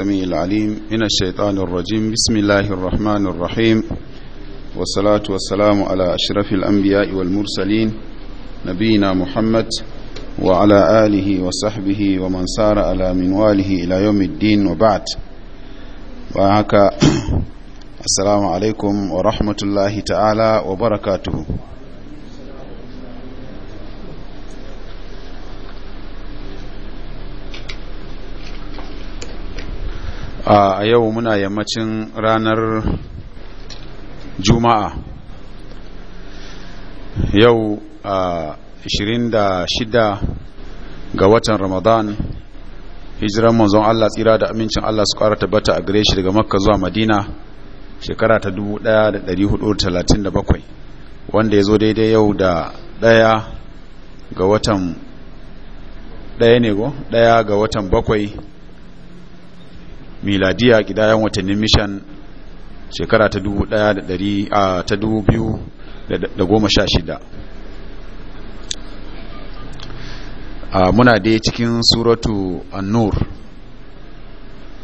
السميع العليم من الشيطان الرجيم بسم الله الرحمن الرحيم والصلاة والسلام على أشرف الأنبياء والمرسلين نبينا محمد وعلى آله وصحبه ومن سار على منواله إلى يوم الدين وبعد وهكا السلام عليكم ورحمة الله تعالى وبركاته a yau muna yammacin ranar juma'a yau a 26 ga watan ramadan hijiran manzon Allah tsira da amincin Allah su ƙara tabbata a gare shi daga makka zuwa madina shekara ta 1437 wanda ya zo daidai yau da daya ga watan daya ne go daya ga watan bakwai miladiya kidayen watannin mishan shekara ta dubu dubu da da ta biyu goma sha shida. muna dai cikin suratu annur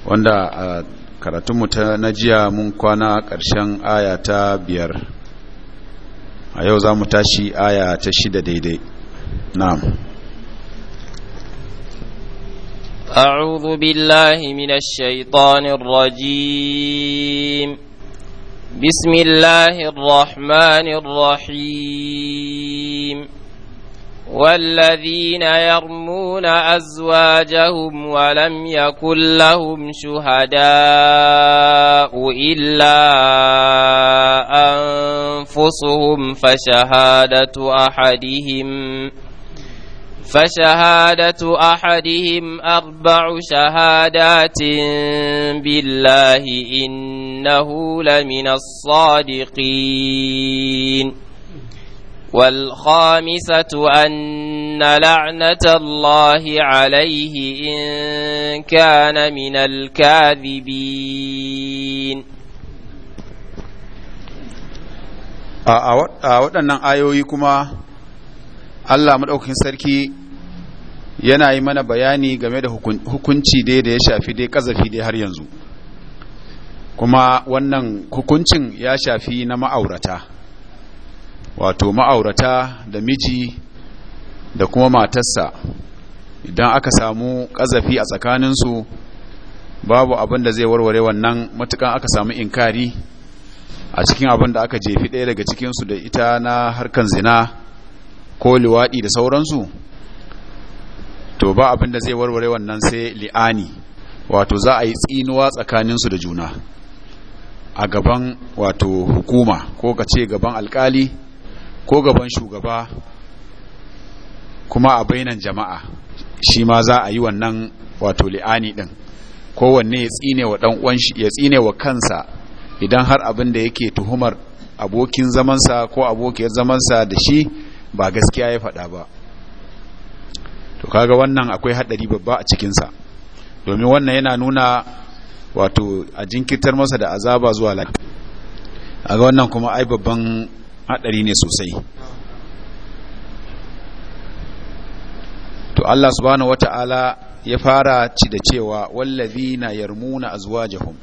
wanda a karatunmu ta jiya mun kwana ƙarshen aya ta biyar a yau za mu tashi aya ta shida daidai na'am أعوذ بالله من الشيطان الرجيم بسم الله الرحمن الرحيم والذين يرمون أزواجهم ولم يكن لهم شهداء إلا أنفسهم فشهادة أحدهم فشهادة أحدهم فشهادة أحدهم أربع شهادات بالله إنه لمن الصادقين والخامسة أن لعنة الله عليه إن كان من الكاذبين a waɗannan ayoyi kuma Allah maɗaukakin sarki yana yi mana bayani game da hukunci dai da ya shafi dai kazafi dai har yanzu kuma wannan hukuncin ya shafi na ma'aurata wato ma'aurata da miji da kuma matarsa idan aka samu kazafi a tsakaninsu babu abin da zai warware wannan matukan aka samu inkari a cikin abin da aka jefi ɗaya daga cikinsu da ita na harkan zina ko liwaɗi da sauransu to ba abin da zai warware wannan sai li'ani wato za a yi tsinuwa tsakaninsu da juna a gaban wato hukuma ko ka ce gaban alkali ko gaban shugaba kuma a bainan jama'a shi ma za a yi wannan wato li'ani ɗin kowanne ya tsine wa dan ya tsine wa kansa idan har abin da yake tuhumar abokin zamansa ko abokiyar zamansa da shi ba gaskiya ya faɗa ba to kaga wannan akwai haɗari babba a cikinsa domin wannan yana nuna wato a jinkirtar masa da azaba zuwa lafiya a wannan kuma ai babban haɗari ne sosai to Allah subhanahu wata'ala ya fara ci da cewa na yarmuna azwajahum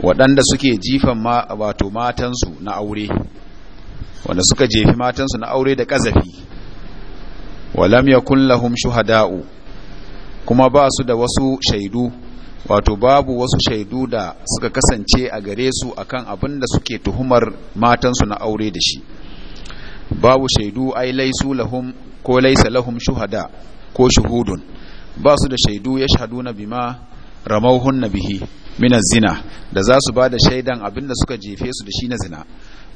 waɗanda suke jifan ma wato matansu na aure wanda suka jefi matansu na aure da ƙazafi walam yakun lahum shuhada'u kuma ba su da wasu shaidu wato babu wasu shaidu da suka kasance a gare su akan abin da suke tuhumar matansu na aure da shi babu shaidu ai laisu lahum ko laisa lahum shuhada ko shuhudun ba su da shaidu ya na bima na bihi min zina da za su ba da shaidan abin da suka jefe su da shi na zina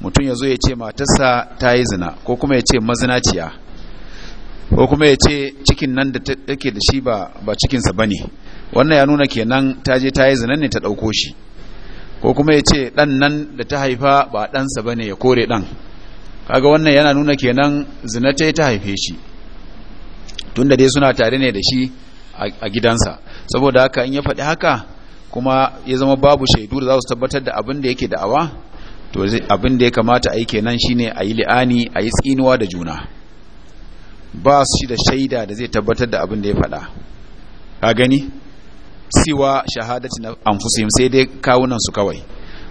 mutum ya zo ya ce matarsa ta yi zina ko kuma ya ce mazinaciya ko kuma ya ce cikin nan da yake da shi ba cikinsa ba ne wannan ya nuna kenan ta je ta yi zinan ne ta ɗauko shi ko kuma ya ce ɗan nan da ta haifa ba ɗansa ba ne ya kore ɗan kaga wannan yana nuna kenan zina ta ta haife shi tunda dai suna tare ne da shi a gidansa saboda haka in ya faɗi haka kuma ya zama babu shaidu da za su tabbatar da abin da yake da'awa to abin da ya kamata a yi kenan shine a yi li'ani a yi tsinuwa da juna ba shi da shaida da zai tabbatar da abin da ya faɗa ka gani siwa shahadati na anfusihim sai dai kawunan su kawai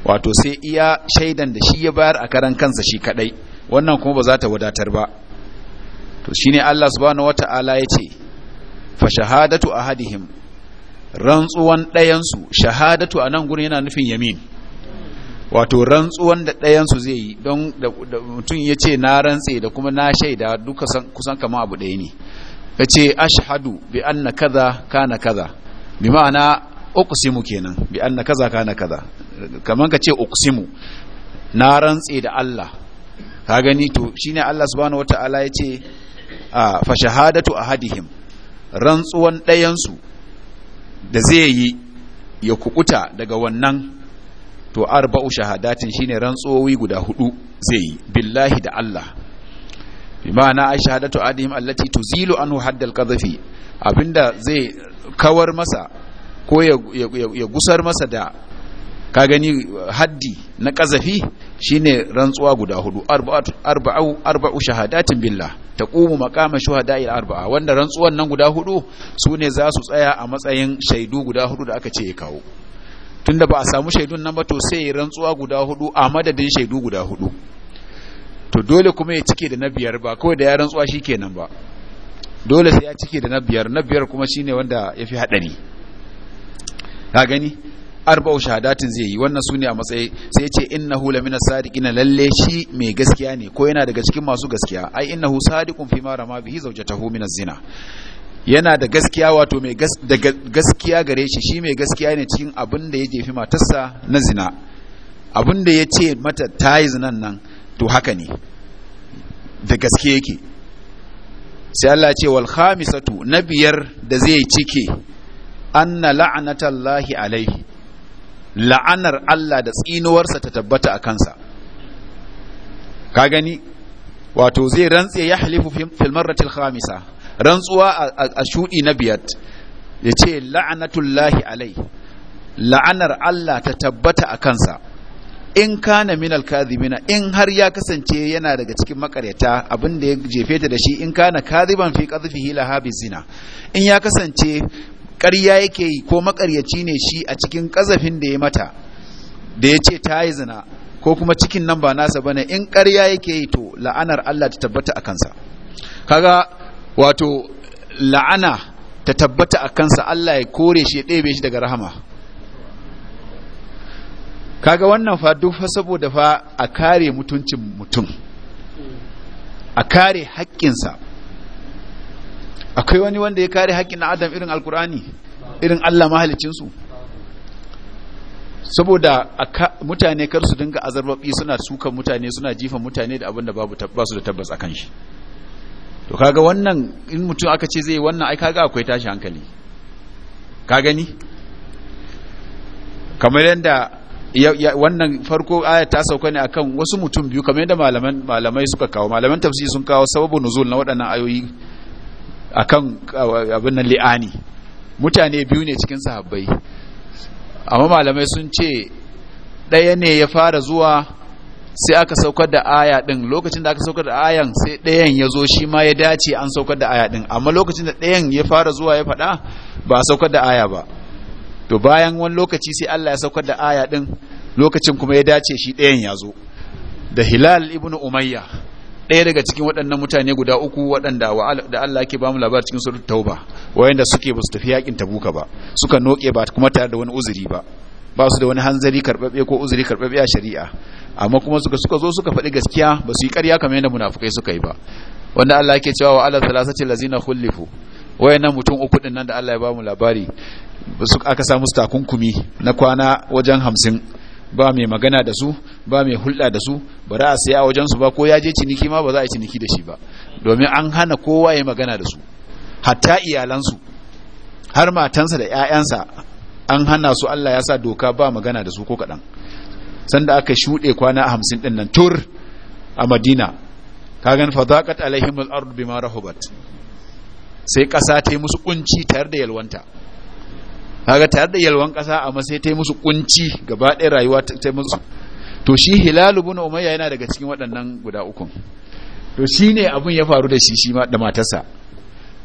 wato sai iya shaidan da shi ya bayar a karan kansa shi kadai wannan kuma ba za ta wadatar ba to shine Allah subhanahu wata'ala ce fa shahadatu ahadihim rantsuwan su shahadatu a nan gurin yana nufin yamin wato rantsuwan da ɗayansu zai yi don da mutum ya ce na rantse da kuma na shaida duka kusan kama abu ɗaya ne ya ce ashadu bi an na kaza ka na kaza bi ma'ana uqsimu kenan bi an na kaza ka na kaza Kamar ka ce uqsimu na rantse da Allah ka gani to shine Allah subhanahu wataala ya ce a fa shahadatu ahadihim rantsuwan ɗayansu da zai yi ya kukuta daga wannan to arba'u shahadatin shine rantsuwowi guda hudu zai yi billahi da Allah bi ma'ana ay shahadatu adihim allati tuzilu anhu haddal qadhfi abinda zai kawar masa ko ya gusar masa da ka gani haddi na kazafi shine rantsuwa guda hudu arba'u arba'u shahadatin billah taqumu maqama shuhada'i arba'a wanda rantsuwan nan guda hudu sune za su tsaya a matsayin shaidu guda hudu da aka ce ya kawo tunda ba a samu shaidun nan ba to sai ya rantsuwa guda hudu a madadin shaidu guda hudu to dole kuma ya cike da na biyar ba kawai da ya rantsuwa shikenan ba dole sai ya cike da na biyar na biyar kuma shine wanda ya fi haɗari ka gani arba'u shahadatin zai yi wannan sune a matsayi sai ya ce innahu lamina sadiqina lalle shi mai gaskiya ne ko yana daga cikin masu gaskiya ai innahu sadiqun fi ma rama bihi zawjatahu min az-zina yana da gaskiya wato mai gaskiya gare shi shi mai gaskiya ne cikin abin da ya jefi matarsa na zina abin da ya ce mata ta yi zinan nan to haka ne da gaske yake sai Allah ce wal khamisatu na biyar da zai cike anna la'anatallahi alaihi la'anar Allah da tsinuwarsa ta tabbata a kansa ka gani wato zai rantse ya halifu fil marratil khamisa rantsuwa a shudi na biyat ya ce la'anatullahi alai la'anar Allah ta tabbata a kansa in kana minal kadhibina in har ya kasance yana daga cikin makaryata abin da ya jefe ta da shi in kana kadhiban fi qadfihi la zina in ya kasance ƙarya yake yi ko makaryaci ne shi a cikin kazafin da ya mata da ya ce ta yi zina ko kuma cikin nan ba nasa bane in ƙarya yake yi to la'anar Allah ta tabbata a kansa kaga wato la'ana ta tabbata a kansa Allah ya kore shi ya ɗebe shi daga rahama kaga wannan fa duk fa saboda fa a kare mutuncin mutum a kare haƙƙinsa akwai wani wanda ya kare haƙƙin na adam irin alkur'ani irin Allah mahalicinsu saboda mutane kar su dinga azarbabi suna sukan mutane suna jifan mutane da abin da babu su da tabbas a kan shi to kaga wannan in mutum aka ce zai wannan ai kaga akwai tashi hankali ka gani kamar yadda wannan farko aya ta sauka ne akan wasu mutum biyu kamar yadda malaman malamai suka kawo malaman tafsiri sun kawo sababu nuzul na waɗannan ayoyi akan uh, abin nan li'ani mutane biyu ne cikin sahabbai amma malamai sun ce ɗaya ne ya fara zuwa sai aka saukar da aya din lokacin da aka saukar da ayan sai ɗayan ya zo shi ma ya dace an saukar da aya din amma lokacin da ɗayan ya fara zuwa ya faɗa ba a saukar da aya ba to bayan wani lokaci sai Allah ya saukar da aya din lokacin kuma ya dace shi ɗayan ya zo da Hilal ibn Umayya ɗaya daga cikin waɗannan mutane guda uku waɗanda da Allah ke ba mu labar cikin suratul tauba wayanda suke ba tafi yakin tabuka ba suka noke ba kuma tare da wani uzuri ba ba su da wani hanzari karbabbe ko uzuri karbabbe a shari'a amma kuma suka suka zo suka faɗi gaskiya ba su yi ƙarya kamar yadda munafukai suka yi ba wanda Allah yake cewa wa ala thalathati lazina khulifu wayannan mutum uku din nan da Allah ya ba mu labari su aka sa musu takunkumi na kwana wajen hamsin ba mai magana da su ba mai hulɗa da su ba za a saya wajen su ba ko ya je ciniki ma ba za a yi ciniki da shi ba domin an hana kowa ya magana da su hatta iyalansu har matansa da 'ya'yansa an hana su Allah ya sa doka ba magana da su ko kaɗan sanda aka shuɗe kwana hamsin ɗin nan tur a madina kagan fadaƙat alaihim al'ardu bima rahubat sai ƙasa ta yi musu ƙunci tare da yalwanta kaga tare da yalwan ƙasa amma sai ta yi musu ƙunci gaba ɗaya rayuwa ta yi musu to shi hilalu bin umayya yana daga cikin waɗannan guda ukun to shine abin ya faru da shi shi da matarsa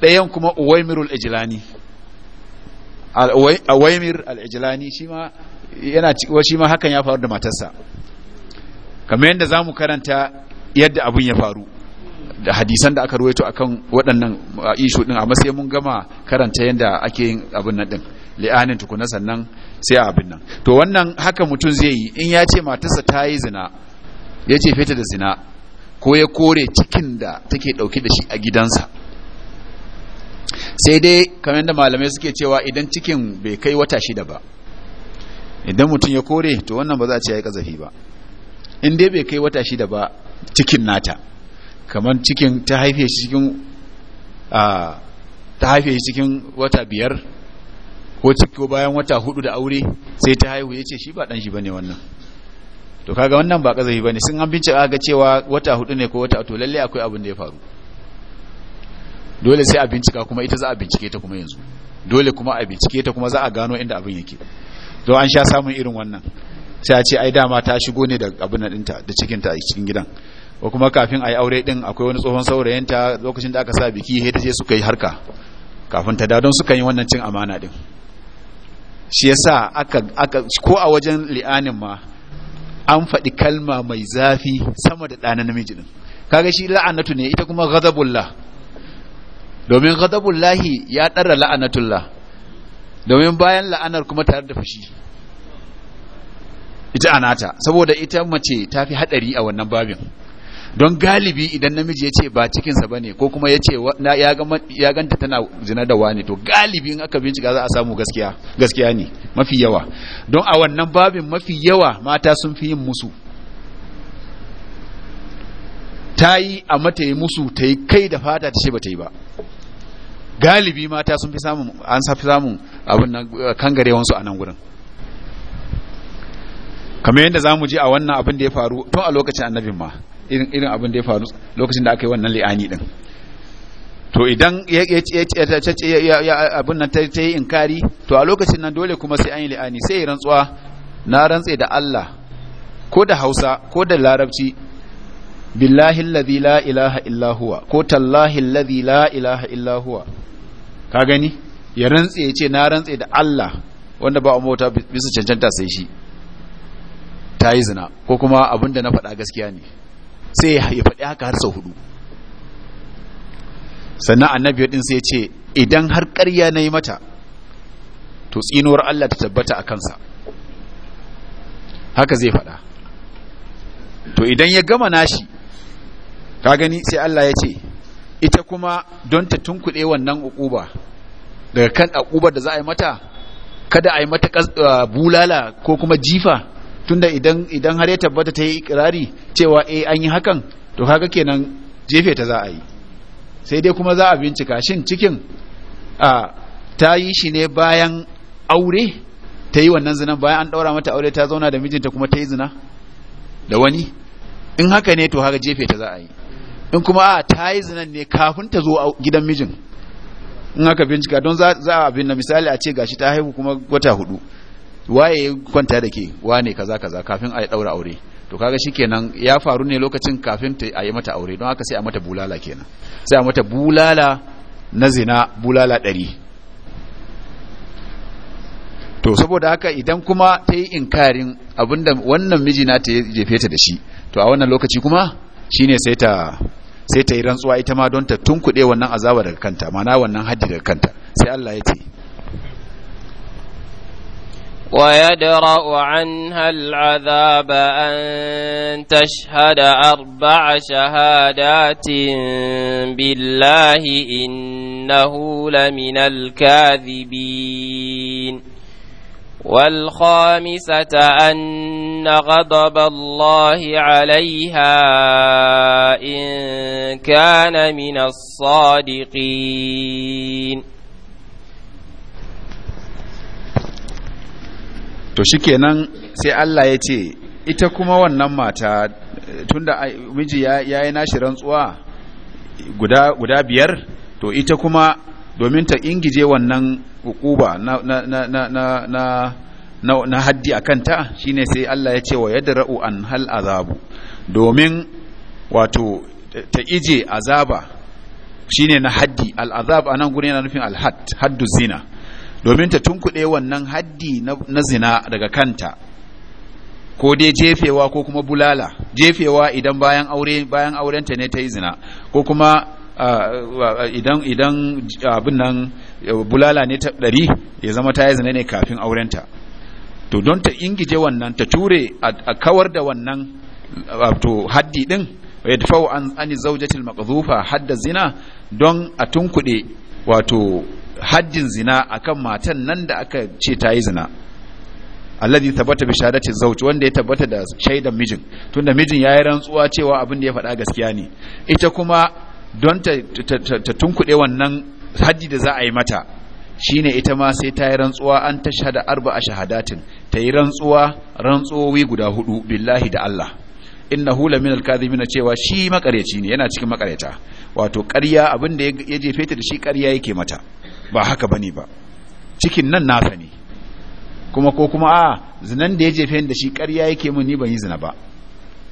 ɗayan kuma uwaimirul ijlani al-waymir al-ijlani shi ma yana shi ma hakan ya faru da matarsa kamar yadda zamu karanta yadda abin ya faru da hadisan da aka ruwaito akan waɗannan ishu din amma sai mun gama karanta yadda ake yin abin nan din li'anin tukuna sannan sai a abin nan to wannan haka mutum zai yi in ya ce matarsa ta yi zina ya ce feta da zina ko ya kore cikin da take ɗauke da shi a gidansa sai dai kamar da malamai suke cewa idan cikin bai kai wata shida ba idan mutum ya kore to wannan ba za a ce ya yi kazafi ba in dai bai kai wata shida ba cikin nata kamar cikin ta haife shi cikin a ta haife shi cikin wata biyar ko ciki bayan wata hudu da aure sai ta haihu ya ce shi ba dan shi bane wannan to kaga wannan ba kazafi bane sun an bincika ga cewa wata hudu ne ko wata to lalle akwai abin da ya faru dole sai a bincika kuma ita za a bincike ta kuma yanzu dole kuma a bincike ta kuma za a gano inda abin yake don an sha samun irin wannan sai a ce ai dama ta shigo ne da abin ɗinta da cikinta a cikin gidan ko kuma kafin a yi aure din akwai wani tsohon ta lokacin da aka sa biki he ta je suka yi harka kafin ta dadon suka yi wannan cin amana din shi yasa aka aka ko a wajen li'anin ma an faɗi kalma mai zafi sama da ɗanan namiji din kaga shi la'anatu ne ita kuma ghadabullah domin lahi ya ɗara la'anatullah domin bayan la'anar kuma tare da fushi ita anata saboda ita mace ta fi haɗari a wannan babin don galibi idan namiji ya ce ba cikinsa ba ne ko kuma ya ce ya ganta tana zina da wani to galibi in aka bincika za a samu gaskiya ne mafi yawa don a wannan babin mafi yawa mata sun fi yin musu ta yi a mata yi musu ta yi kai da fata ta ce ba ta yi ba galibi mata sun fi samun an safi samun abin nan eh, kangarewan su a nan gurin kamar yadda za mu ji a wannan abin da ya faru tun a lokacin annabin ma irin abin da ya faru lokacin da aka yi wannan li'ani din to idan abin nan ta yi inkari to a lokacin nan dole kuma sai an yi li'ani sai yi rantsuwa na rantse da Allah ko da Hausa ko da Larabci billahi alladhi la ilaha illa huwa ko tallahi alladhi la ilaha illa huwa ka gani ya rantse ya ce na rantse da Allah wanda ba a mota bisa cancanta sai shi ta yi zina ko kuma abin da na faɗa gaskiya ne sai ya faɗi haka har sau hudu sannan annabi ɗin sai ce idan har ƙarya na yi mata to tsinuwar Allah ta tabbata a kansa haka zai faɗa to idan ya gama nashi ka gani sai Allah ya ce ita kuma don ta tunkuɗe wannan uquba daga kan uqubar da za a yi mata kada a yi mata uh, bulala ko kuma jifa tunda idan idan har ya tabbata ta yi ikirari cewa eh an yi hakan to kaga kenan jefe ta za a yi sai dai kuma za a bincika shin cikin a ta yi shi ne bayan aure ta yi wannan zinan bayan an daura mata aure ta zauna da mijinta kuma ta yi zina da wani in haka ne to haka jefe ta za a yi in kuma a ah, ta yi zinan ne kafin ta zo gidan mijin in aka bincika don za a abin na misali a ce gashi ta haihu kuma wata hudu waye kwanta da ke wane kaza kaza kafin a yi daura aure to kaga shikenan ya faru ne lokacin kafin ta a yi mata aure don haka sai a mata bulala kenan sai a mata bulala na zina bulala ɗari to saboda haka idan kuma ta yi inkarin abinda wannan mijina ta jefe ta da shi to a wannan lokaci kuma shine sai ta sai ta yi rantsuwa ita ma don ta tunkuɗe wannan azaba daga kanta mana wannan haddi daga kanta sai Allah ya ce ويدرأ عنها العذاب أن تشهد أربع شهادات بالله إنه لمن الكاذبين والخامسة أن إن غضب الله عليها إن كان من الصادقين to shikenan sai Allah ya ce ita kuma wannan mata tunda miji ya yi nashi rantsuwa guda, guda biyar to ita kuma domin ta ingije wannan hukuba na, na, na, na na haddi a kanta shine sai Allah ya ce wa yadra'u an hal azabu domin wato ta ije azaba shine na haddi al azab anan guri yana nufin al haddu zina domin ta tunkuɗe wannan haddi na zina daga kanta ko dai jefewa ko kuma bulala jefewa idan bayan aure bayan aurenta ne ta yi zina ko kuma idan idan abin nan bulala ne ta ɗari ya zama ta yi zina ne kafin aurenta to don ta ingije wannan ta ture a kawar da wannan haddi din ya an ani zaujatil maqdhufa hadda zina don a tunkuɗe wato haddin zina akan matan nan da aka ce ta yi zina alladhi tabbata bi shahadati zawj wanda ya tabbata da shaidan mijin tunda mijin ya yi rantsuwa cewa abin da ya faɗa gaskiya ne ita kuma don ta, ta tunkuɗe wannan haddi da za a yi mata shine ita ma sai ta yi rantsuwa an ta arba arba'a shahadatin ta yi rantsuwa rantsuwowi guda hudu billahi da Allah innahu lamin na cewa shi makareci ne yana cikin makareta wato ƙarya abin da ya jefe ta da shi ƙarya yake mata ba haka bane ba cikin nan nasa ne kuma ko kuma a zinan da ya jefe da shi ƙarya yake mun ni ban yi zina ba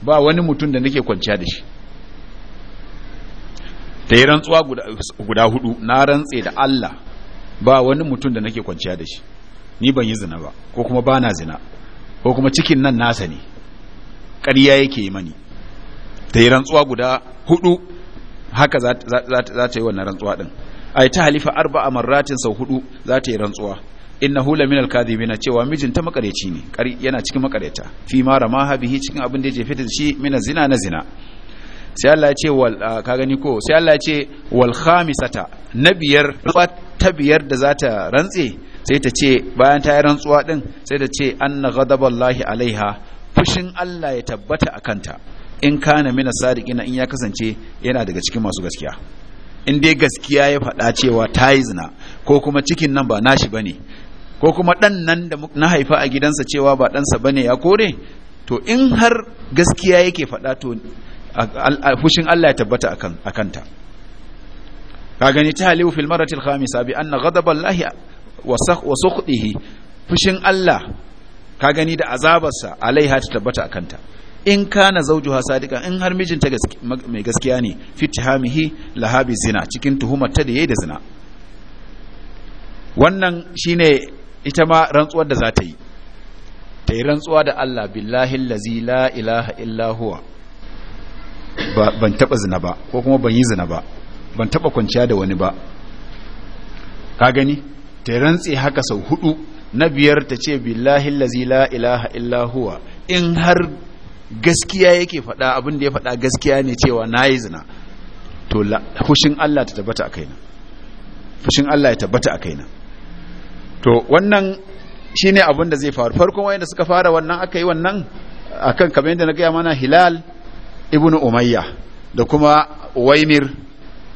ba wani mutum da nake kwanciya da shi ta yi rantsuwa guda hudu na rantse da Allah ba wani mutum da nake kwanciya da shi ni ban yi zina ba ko kuma ba na zina ko kuma cikin nan nasa ne ƙarya yake yi mani ta yi rantsuwa guda hudu haka za ta yi wannan rantsuwa ɗin a ta halifa arba a marratin sau hudu za ta yi rantsuwa inna hula min alkadhibina cewa mijin ta makareci ne yana cikin makareta fi ma bihi cikin abin da ya jefe da shi mina zina na zina sai Allah ya ce wal ka gani ko sai Allah ya ce wal khamisata nabiyar ta biyar da za ta rantse sai ta ce bayan ta yi rantsuwa ɗin sai ta ce an anna lahi alaiha fushin Allah ya tabbata a kanta in kana mina sadiqina in ya kasance yana daga cikin masu gaskiya in dai gaskiya ya faɗa cewa ta yi zina ko kuma cikin nan ba nashi bane ko kuma ɗan nan da na haifa a gidansa cewa ba ɗansa bane ya kore to in har gaskiya yake faɗa to fushin Allah ya tabbata a kanta ka gani ta halibu fil maratil khamisa bi anna ghadaballahi wa sukhdihi fushin Allah ka gani da azabarsa alaiha ta tabbata akanta in kana zawjuha sadiqan in har mijinta mai gaskiya ne fitihamihi lahabi zina cikin tuhumar ta da yayi da zina wannan shine ita ma rantsuwar da za ta yi ta yi rantsuwa da Allah billahi allazi la ilaha illa huwa ban taba zina ba ko kuma ban yi zina ba ban taba kwanciya da wani ba ka gani ta rantse haka sau hudu na biyar ta ce billahi lazi la ilaha illa huwa in har gaskiya yake faɗa abin da ya faɗa gaskiya ne cewa na yi zina to fushin Allah ta tabbata a kaina fushin Allah ya tabbata a kaina to wannan shine abin da zai faru farkon wayanda suka fara wannan aka yi wannan akan kamar yadda na gaya mana hilal ibnu umayya da kuma waymir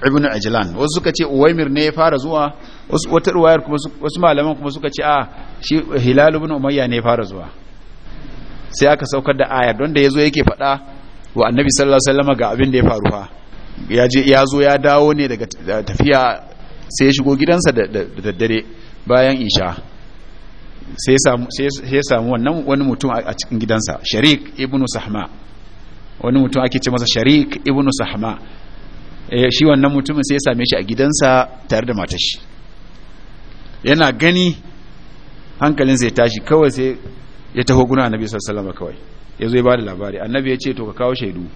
ibn ajlan wasu suka ce uwaimir ne ya fara zuwa wasu wata ruwayar kuma wasu malaman kuma suka ce a ah, shi hilal ibn umayya ne ya fara zuwa sai aka saukar da ayar don da yazo yake faɗa wa annabi sallallahu alaihi wasallam ga abin da ya faru fa ya je ya zo ya dawo ne daga tafiya sai ya shigo gidansa da daddare bayan isha sai ya samu wannan wani mutum a cikin gidansa sharik ibnu sahma wani mutum ake ce masa sharik ibnu sahma Eh, shi wannan mutumin sai ya same shi a gidansa tare da matar shi yana gani hankalin zai tashi kawai sai ya taho guna annabi sallallahu alaihi kawai ya zo ya bada labari annabi ya ce to ka kawo shaidu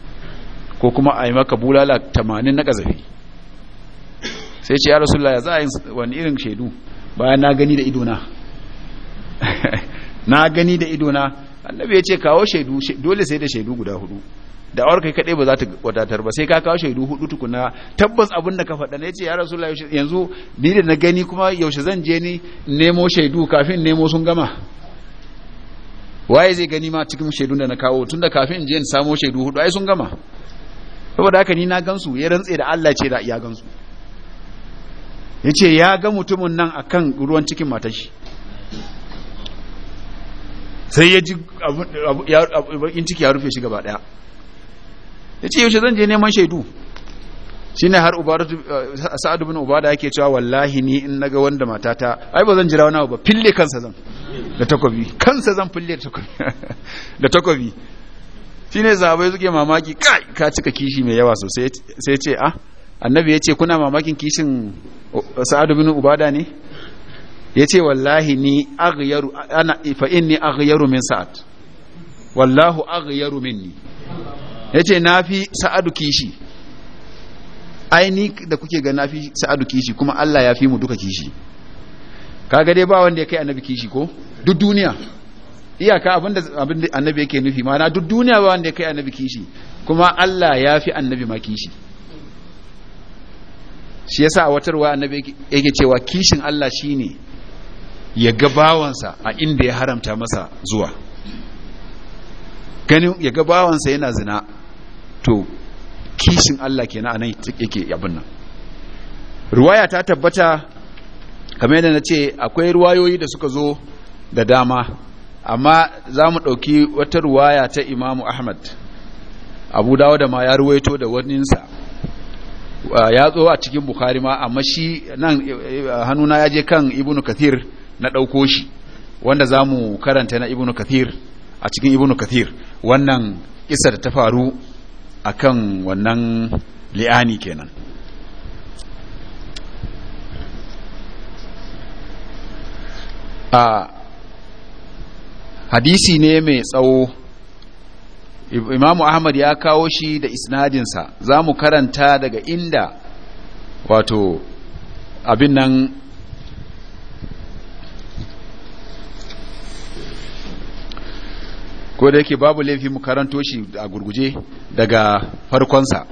ko kuma a yi maka bulala 80 na kazafi sai ce ya rasulullah ya za a yi wani irin shaidu bayan na gani da idona na gani da idona annabi ya ce kawo shaidu dole sai da shaidu guda hudu da awar kai kadai ba za ta wadatar ba sai ka kawo shaidu hudu tukuna tabbas abin da ka faɗa ne ce ya rasulullahi yanzu ni da na gani kuma yaushe zan je ni nemo shaidu kafin nemo sun gama waye zai gani ma cikin shaidu da na kawo tunda kafin je in samo shaidu hudu ai sun gama saboda haka ni na gansu ya rantse da Allah ce da iya gansu yace ya ga mutumin nan akan ruwan cikin matar shi sai ya ji in ciki ya rufe shi gaba daya ya ce yaushe zan je neman shaidu shi ne har eh, Sa'adu bin ubada yake cewa wallahi ni in naga wanda matata ai ba zan jira wani ba fille kansa zan da takobi kansa zan fille da takobi shi ne zahabai zuke mamaki kai ka cika kishi mai yawa sosai sai ce ah annabi ya ce kuna mamakin kishin Sa'adu bin ubada ne ya ce wallahi ni aghyaru ana fa inni aghyaru min sa'ad wallahu aghyaru minni ya ce na fi sa'adu kishi aini da kuke ga na fi sa'adu kishi kuma Allah ya fi mu duka kishi kaga dai ba wanda ya kai annabi kishi ko duk duniya iyaka abinda annabi yake nufi ma na duk duniya ba wanda ya kai annabi kishi kuma Allah ya fi annabi ma kishi shi yasa a watarwa annabi yake cewa kishin Allah shi ne ya ga bawansa a inda ya haramta masa zuwa ganin ya ga bawansa yana zina to kishin Allah ke kenan anan yake abin nan ruwaya ta tabbata kamar yadda na ce akwai ruwayoyi da suka zo da dama amma za mu ɗauki wata ruwaya ta imamu ahmad abu dawo da ma ya ruwaito da waninsa ya zo a cikin bukhari ma amma shi nan eh, eh, hannuna ya je kan ibn kathir na ɗauko shi wanda za mu karanta na ibn kathir a cikin ibn kathir wannan kisar ta faru akan wannan li'ani kenan a hadisi ne mai tsawo imamu ahmad ya kawo shi da isnadinsa za mu karanta daga inda wato abin nan ko da yake babu laifi mu karanto shi a gurguje daga farkonsa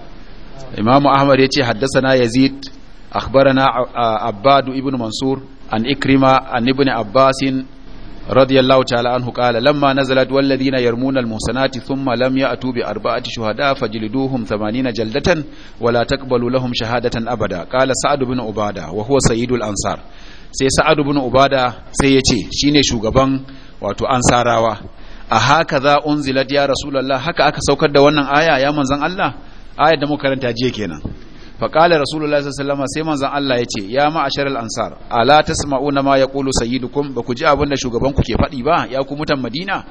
imamu ahmad ya ce haddasana yazid akhbarana abbadu ibn mansur an ikrima an ibn abbasin radiyallahu ta'ala anhu qala lamma nazalat wal ladina yarmuna al muhsanati thumma lam ya'tu bi arba'ati shuhada fajliduhum 80 jaldatan wa la taqbalu lahum shahadatan abada qala sa'adu ibn ubada wa huwa sayyidul ansar sai sa'ad ibn ubada sai ya ce shine shugaban wato ansarawa a haka za unzilat ya rasulullah haka aka saukar da wannan aya ya manzon Allah ayar da muka karanta jiya kenan fa qala rasulullah sallallahu alaihi sai manzon Allah yace ya ma'asharal ansar ala tasma'una ma yaqulu sayyidukum ba ku ji abin da shugaban ku ke faɗi ba ya ku mutan Madina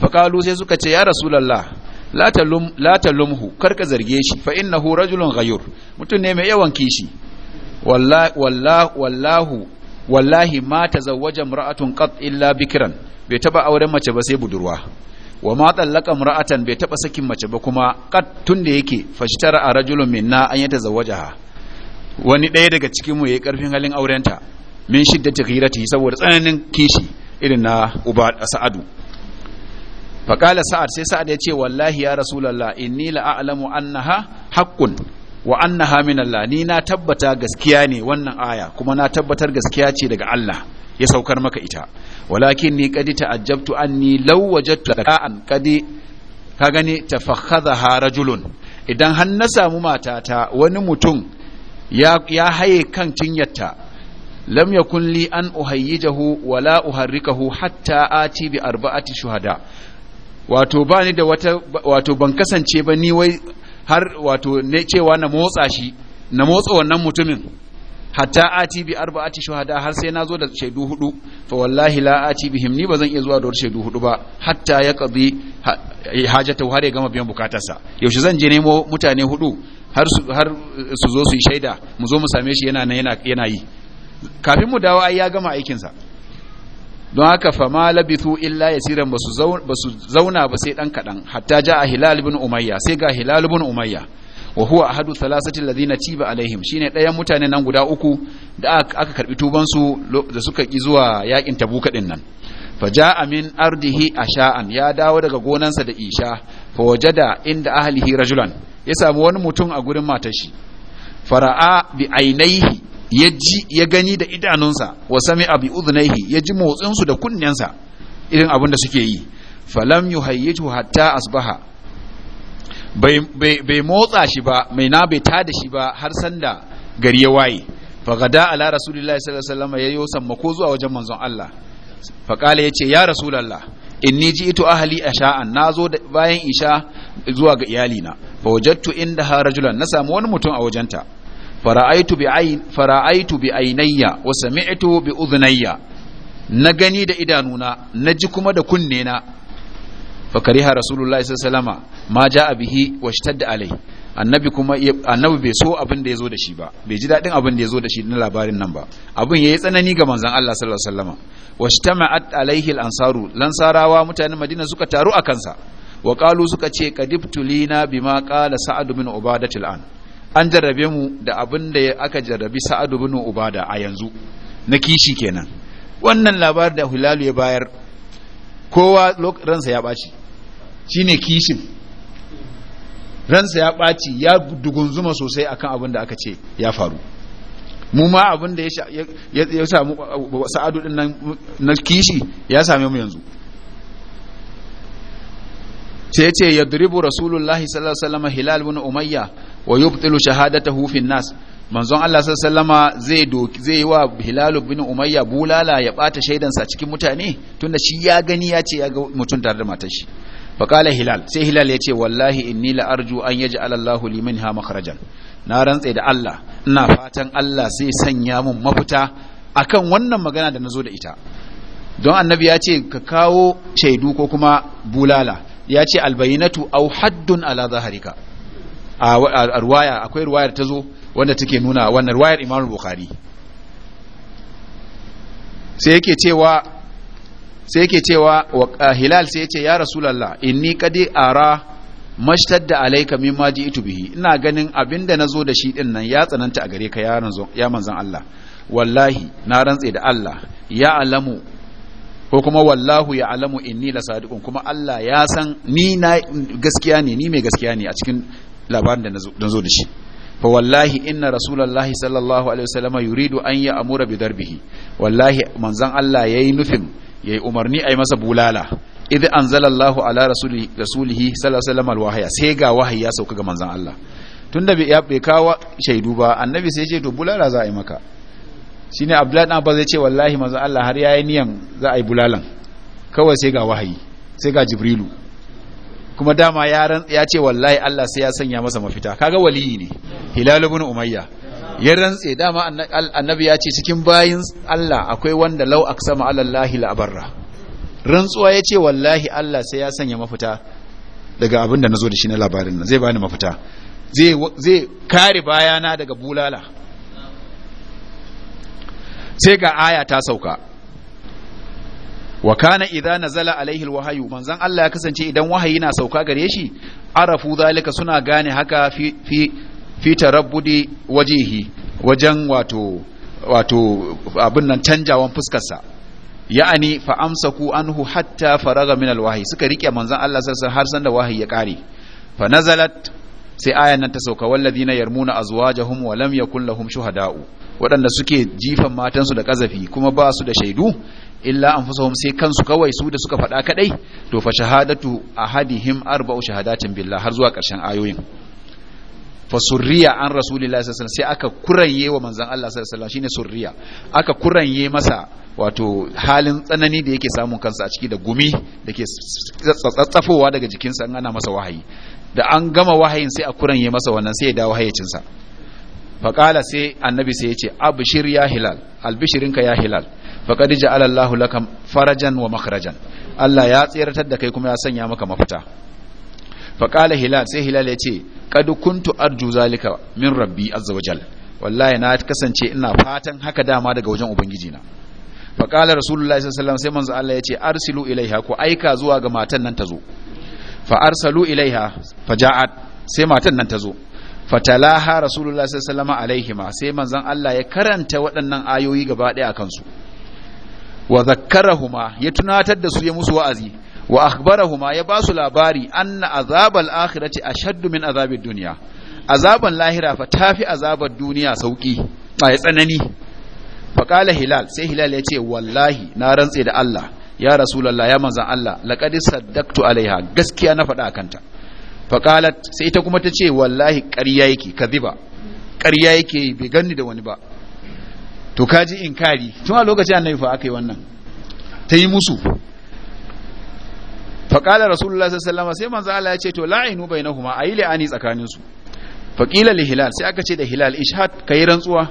fa qalu sai suka ce ya rasulullah la talum la talumhu karka zarge shi fa innahu rajulun ghayur mutun ne mai yawan kishi wallahi wallahu wallahi ma tazawwaja imra'atun qat illa bikran bai taba auren mace ba sai budurwa wa ma tallaka mar'atan bai taba sakin mace ba kuma kat tun da yake fashtara a rajulun minna an yata zawajaha wani ɗaya daga cikin mu yayi karfin halin aurenta min shiddati ghirati saboda tsananin kishi irin na uba sa'adu faƙala sa'ad sai sa'ad ya ce wallahi ya rasulullah inni a'lamu annaha haqqun wa annaha min Allah ni na tabbata gaskiya ne wannan aya kuma na tabbatar gaskiya ce daga Allah ya saukar maka ita walakin ni kadi ta'ajjabtu anni law wajadtu an kadi ka gani tafakhadha rajulun idan har na samu matata wani mutum ya ya haye kan tinyarta lam yakun li an uhayyijahu wala uharrikahu hatta ati bi arba'ati shuhada wato bani da wata wato ban kasance ba ni wai har wato ne cewa na motsa shi na motsa wannan mutumin hatta ati bi arba'ati shuhada har sai nazo da shaidu hudu to wallahi la ati bihim ni bazan iya zuwa da shaidu hudu ba hatta ya qadi hajata har ya gama biyan bukatarsa yaushe zan je nemo mutane hudu har su har su zo su yi shaida mu zo mu same shi yana nan yana yana yi kafin mu dawo ai ya gama aikin sa don haka fa ma labithu illa yasiran basu zauna ba sai dan kadan hatta ja hilal ibn umayya sai ga hilal ibn umayya wa huwa ahadu thalathati alladhina tiba alaihim shine ɗayan mutane nan guda uku da aka karbi tuban su da suka ki zuwa yakin tabuka din nan faja'a min ardihi asha'an ya dawo daga gonansa da isha fa wajada inda ahlihi rajulan ya samu wani mutum a gurin matar shi fara'a bi ainaihi ya ji ya gani da idanunsa wa sami'a bi udhnaihi ya ji motsin da kunnensa irin abin da suke yi falam yuhayyitu hatta asbaha bai motsa shi ba mai na bai ta da shi ba har sanda gari ya waye fagada ala rasulillahi sallallahu alaihi wasallam samma sammako zuwa wajen manzon Allah faqala yace ya rasulullah inni ji'tu ahli asha'an nazo bayan isha zuwa ga iyali na fawajadtu inda ha rajulan na samu wani mutum a wajenta fara'aitu bi ayn fara'aitu bi aynayya wa sami'tu bi udhnayya na gani da idanuna na ji kuma da kunne na Fakariha rasulullahi sallallahu alaihi wasallam ma jaa bihi washtadda alai annabi kuma annabi bai so abin da yazo da shi ba bai ji dadin abin da zo da shi na labarin nan ba abin yayi tsanani ga manzon Allah sallallahu alaihi wasallam washtama'at alaihi al-ansaru lansarawa mutanen Madina suka taru a kansa wa qalu suka ce lina bima qala sa'ad bin ubadah al-an an jarrabe mu da abin da aka jarrabi sa'ad bin ubada a yanzu na kishi kenan wannan labarin da hilalu ya bayar kowa ransa ya baci Shi ne kishin ransa ya ɓaci ya dugunzuma sosai akan abin da aka ce ya faru mu ma abin da ya samu sa'adu din na kishi ya same mu yanzu sai ce ya yadribu rasulullahi sallallahu alaihi hilal wani umayya wa yubtilu shahadatahu hufin nas manzon Allah sallallahu zai doki zai yi wa hilal bin umayya bulala ya bata shaidansa cikin mutane tunda shi ya gani ya ce ya ga mutum tare da matar shi faƙala hilal sai hilal ya ce wallahi inni la'arju an yaji alallahu limin ha makarajan na rantse da Allah ina fatan Allah sai sanya mun mafita akan wannan magana da na zo da ita don annabi ya ce ka kawo shaidu ko kuma bulala ya ce albayinatu au haddun ala zaharika a ruwaya akwai ruwayar ta zo wanda take nuna wannan ruwayar imamul bukhari sai yake cewa sai yake cewa hilal sai ya ya rasulullah inni kadi ara mashtar da alayka mimma ji itu bihi ina ganin abin da da shi din nan ya tsananta a gare ka ya manzan Allah wallahi na rantse da Allah ya alamu ko kuma wallahu ya alamu inni la sadiqun kuma Allah ya san ni na gaskiya ne ni mai gaskiya ne a cikin labarin da na zo da shi fa wallahi inna rasulullahi sallallahu alaihi wasallam yuridu an ya amura bi darbihi wallahi manzan Allah yayi nufin yayi umarni ayi masa bulala idh anzalallahu ala rasuli rasulihi sallallahu alaihi wasallam alwahya sai ga wahayi ya sauka ga manzon Allah tunda bai bai kawo shaidu ba annabi sai ya ce to bulala za a yi maka shine abdullahi dan ba zai ce wallahi manzon Allah har yayi niyan za a yi bulalan kawai sai ga wahayi sai ga jibrilu kuma dama ya ce wallahi Allah sai ya sanya masa mafita kaga waliyi ne hilal ibn umayya ya rantse dama annabi ya ce cikin bayin Allah akwai wanda lau aksama alallahi la'abarra rantsuwa ya ce wallahi Allah sai ya sanya mafita daga abin da na zo da shi na labarin nan zai bani mafita zai kare bayana daga bulala sai ga aya ta sauka wa kana idza nazala alaihi alwahyu manzan Allah ya kasance idan wahayi na sauka gare shi arafu zalika suna gane haka fi tarabbudi wajihi wajen wato wato abin nan canjawan fuskarsa ya'ani fa amsaku anhu hatta faraga min wahayi suka rike manzon Allah sallallahu har sanda wahayi ya kare fa nazalat sai ayan nan ta sauka walladina yarmuna azwajahum wa lam yakul lahum shuhada'u waɗanda suke jifan matansu da kazafi kuma ba su da shaidu illa anfusuhum sai kansu kawai su da suka faɗa kadai to fa shahadatu ahadihim arba'u shahadatin billah har zuwa ƙarshen ayoyin fa surriya an rasulillahi sallallahu alaihi sai aka kuranye wa manzon Allah sallallahu alaihi wasallam shine surriya aka kuranye masa wato halin tsanani da yake samun kansa a ciki da gumi da ke tsatsafowa daga jikinsa ana masa wahayi da an gama wahayin sai a kuranye masa wannan sai ya dawo hayyacinsa faƙala sai annabi sai ya ce abshir ya hilal albishirinka ya hilal Fa ja'ala Allahu laka farajan wa makhrajan Allah ya tsiratar da kai kuma ya sanya maka mafita faƙala hilal sai hilal ya ce ƙadu kuntu arju zalika min rabbi azza wajal wallahi na kasance ina fatan haka dama daga wajen ubangiji na faƙala rasulullahi sallallahu alaihi wasallam sai manzo Allah ya ce arsilu ilaiha ko aika zuwa ga matan nan ta zo fa arsalu ilaiha faja'at sai matan nan ta zo fatalaha rasulullahi sallallahu alaihi alaihima sai manzon Allah ya karanta waɗannan ayoyi gaba ɗaya a kansu wa zakkarahuma ya tunatar da su ya musu wa'azi wa akhbarahuma ya ba su labari anna azabal akhirati ashaddu min azabid dunya azaban lahira fa tafi azabar duniya sauki ba tsanani fa qala hilal sai hilal ya ce wallahi na rantse da Allah ya rasulullah ya manzan Allah laqad saddaqtu alaiha gaskiya na faɗa kanta fa qalat sai ita kuma ta ce wallahi ƙarya yake kadhiba ƙarya yake bai ganni da wani ba to kaji inkari tun a lokacin annabi fa aka wannan ta yi musu faƙalar rasulullah sallallahu sai manzo Allah ya ce to la'inu bainahuma ayi la'ani tsakanin su faƙila li hilal sai aka ce da hilal ishad kai rantsuwa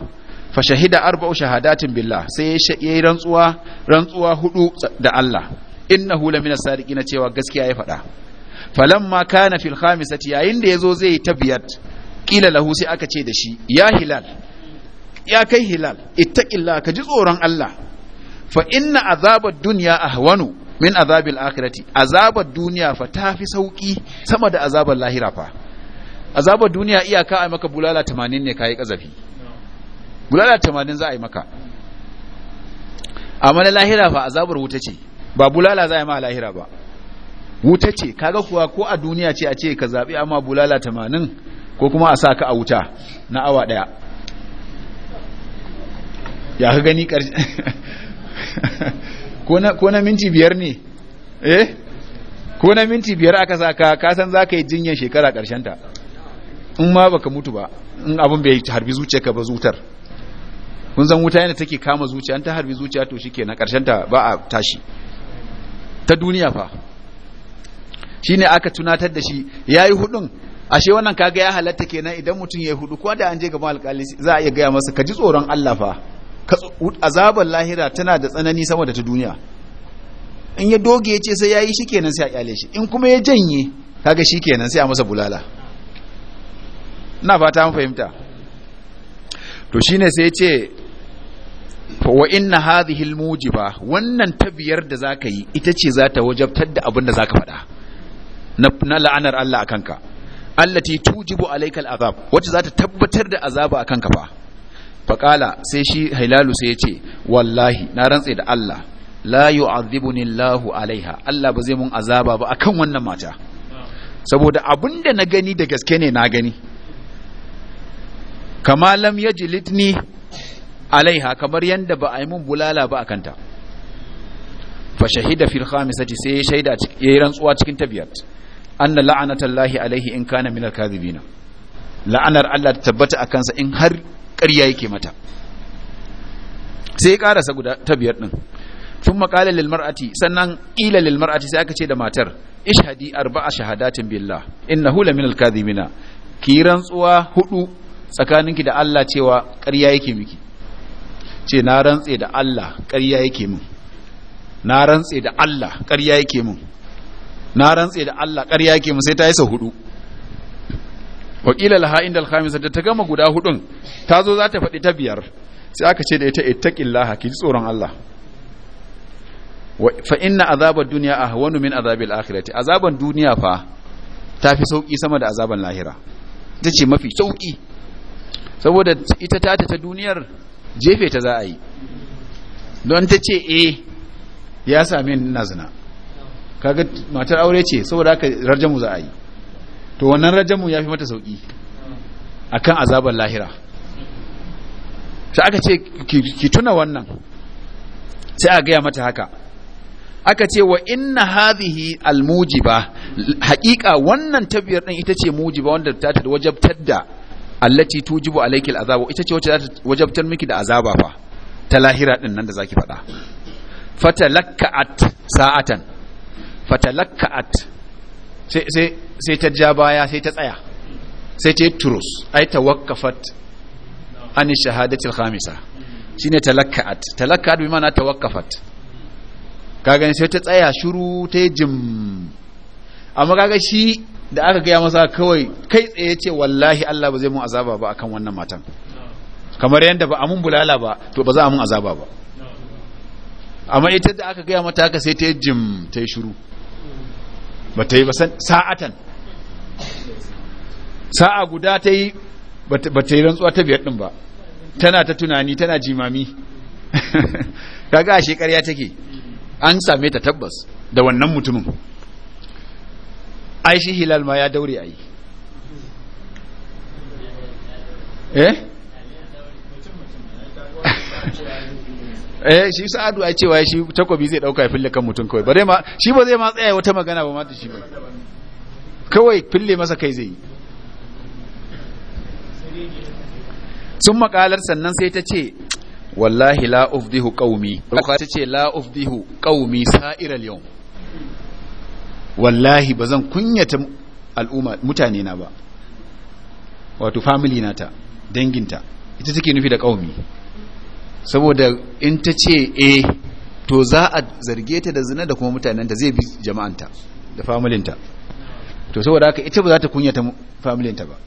fa shahida arba'u shahadatin billah sai yayi rantsuwa rantsuwa hudu da Allah innahu lamina sadiqina cewa gaskiya ya faɗa falamma kana fil khamisati yayin da yazo zai tabiyat kila lahu sai aka ce da shi ya hilal ya kai hilal ittaqillah ka ji tsoron Allah fa inna azabad dunya ahwanu min azabil akhirati azabar duniya fa tafi sauki sama da azabar lahira fa azabar duniya iyaka ai maka bulala 80 ne kai kazafi bulala 80 za a yi maka amma na lahira fa azabar wuta ce ba bulala za a yi ma lahira ba wuta ce kaga kuwa ko a duniya ce a ce ka zabi amma bulala 80 ko kuma a sa ka a wuta na awa daya ya ka gani karshe ko na minti biyar ne eh ko na minti biyar aka sa ka san za ka yi jinyar shekara karshen ta in ma baka mutu ba in abin bai harbi zuciyarka ba zutar kun san wuta yana take kama zuciya an ta harbi zuciya to na karshen ta ba a tashi ta duniya fa shine aka tunatar da shi yayi hudun ashe wannan kaga ya halatta kenan idan mutum ya hudu ko da an je gaban alƙali za a iya gaya masa ka ji tsoron Allah fa azabar lahira tana da tsanani sama da ta duniya in ya doge ya ce sai ya yi shi kenan sai a kyale shi in kuma ya janye kaga shi kenan sai a masa bulala ina fata an fahimta to shine sai ya ce wa inna hadhihi almujiba wannan tabiyar da zaka yi ita ce za ta wajabtar da abin da zaka faɗa na la'anar Allah akan ka allati tujibu alaikal azab wacce za ta tabbatar da azaba akan ka fa faƙala sai shi hilalu sai ya ce wallahi na rantse da Allah la yu'adhibuni Allahu alaiha Allah ba zai mun azaba ba akan wannan mata saboda abinda na gani da gaske ne na gani kama ji litini alaiha kamar yadda ba a yi mun bulala ba akan ta fa shahida fil khamisati sai shaida yayi rantsuwa cikin tabiyat anna la'anatallahi alaihi in kana minal kadhibina la'anar Allah ta tabbata akan sa in har ƙarya yake mata sai ya ƙarasa guda ta biyar ɗin sun maƙalar lilmar'ati sannan ƙila lilmar'ati sai aka ce da matar ishadi arba'a shahadatin billah inna hula min alkazimina ki rantsuwa hudu tsakaninki da Allah cewa ƙarya yake miki ce na rantse da Allah ƙarya yake min na rantse da Allah ƙarya yake min na rantse da Allah ƙarya yake min sai ta yi sau hudu wakila laha inda alhamisa da ta gama guda hudun ta zo za ta faɗi ta biyar sai aka ce da ita ittaqillaha ki ji tsoron Allah fa inna azabad dunya ahwanu min azabil akhirati azaban duniya fa tafi sauki sama da azaban lahira tace mafi sauki saboda ita tata ta duniyar jefe ta za a yi don ta ce eh ya sami nazna kaga matar aure ce saboda haka mu za a yi to wannan rajamu ya fi mata sauƙi a kan azabar lahira sai aka ce ki tuna wannan sai a gaya mata haka aka ce wa inna hadhihi almujiba Haƙiƙa wannan tabiyar ɗin ita ce mujiba wanda ta ta wajabtar da allati tujibu alaikil azaba ita ce wacce za ta wajabtar miki da azaba fa ta lahira ɗin nan da zaki faɗa fatalakka'at sa'atan fatalakka'at sai sai sai ta ja baya sai ta tsaya sai ta yi turus ai tawakkafat an shahadatul shi ne talakka'at talakka'at bi ma'ana tawakkafat kagani sai ta tsaya shiru ta yi jim amma kaga shi da aka gaya masa kawai kai tsaye ce wallahi Allah ba zai mun azaba ba akan wannan matan kamar yadda ba amun bulala ba to ba za a mun azaba ba amma ita da aka gaya mata haka sai ta yi jim ta yi shiru ba ta yi ba sa'atan sa'a guda ta yi ba ta yi rantsuwa ta biyar ɗin ba tana ta tunani tana jimami kaga ashe ƙarya take an same ta tabbas da wannan mutumin ai shi hilal ma ya daure a yi eh eh shi sa'adu a cewa shi takobi zai dauka ya fille kan mutum kawai dai ma shi ba zai ma tsaya wata magana ba ma da shi ba kawai fille masa kai zai yi sun makalar sannan sai ta ce wallahi la ufdihu qaumi ta ce la ufdihu qaumi sa'ir al yawm wallahi bazan kunyata al'umma mutane na ba wato family ta danginta ita take nufi da qaumi saboda in ta ce eh to za a zarge ta da zina da kuma mutanenta zai bi jama'anta da familinta to saboda haka ita ba za ta kunyata familinta ba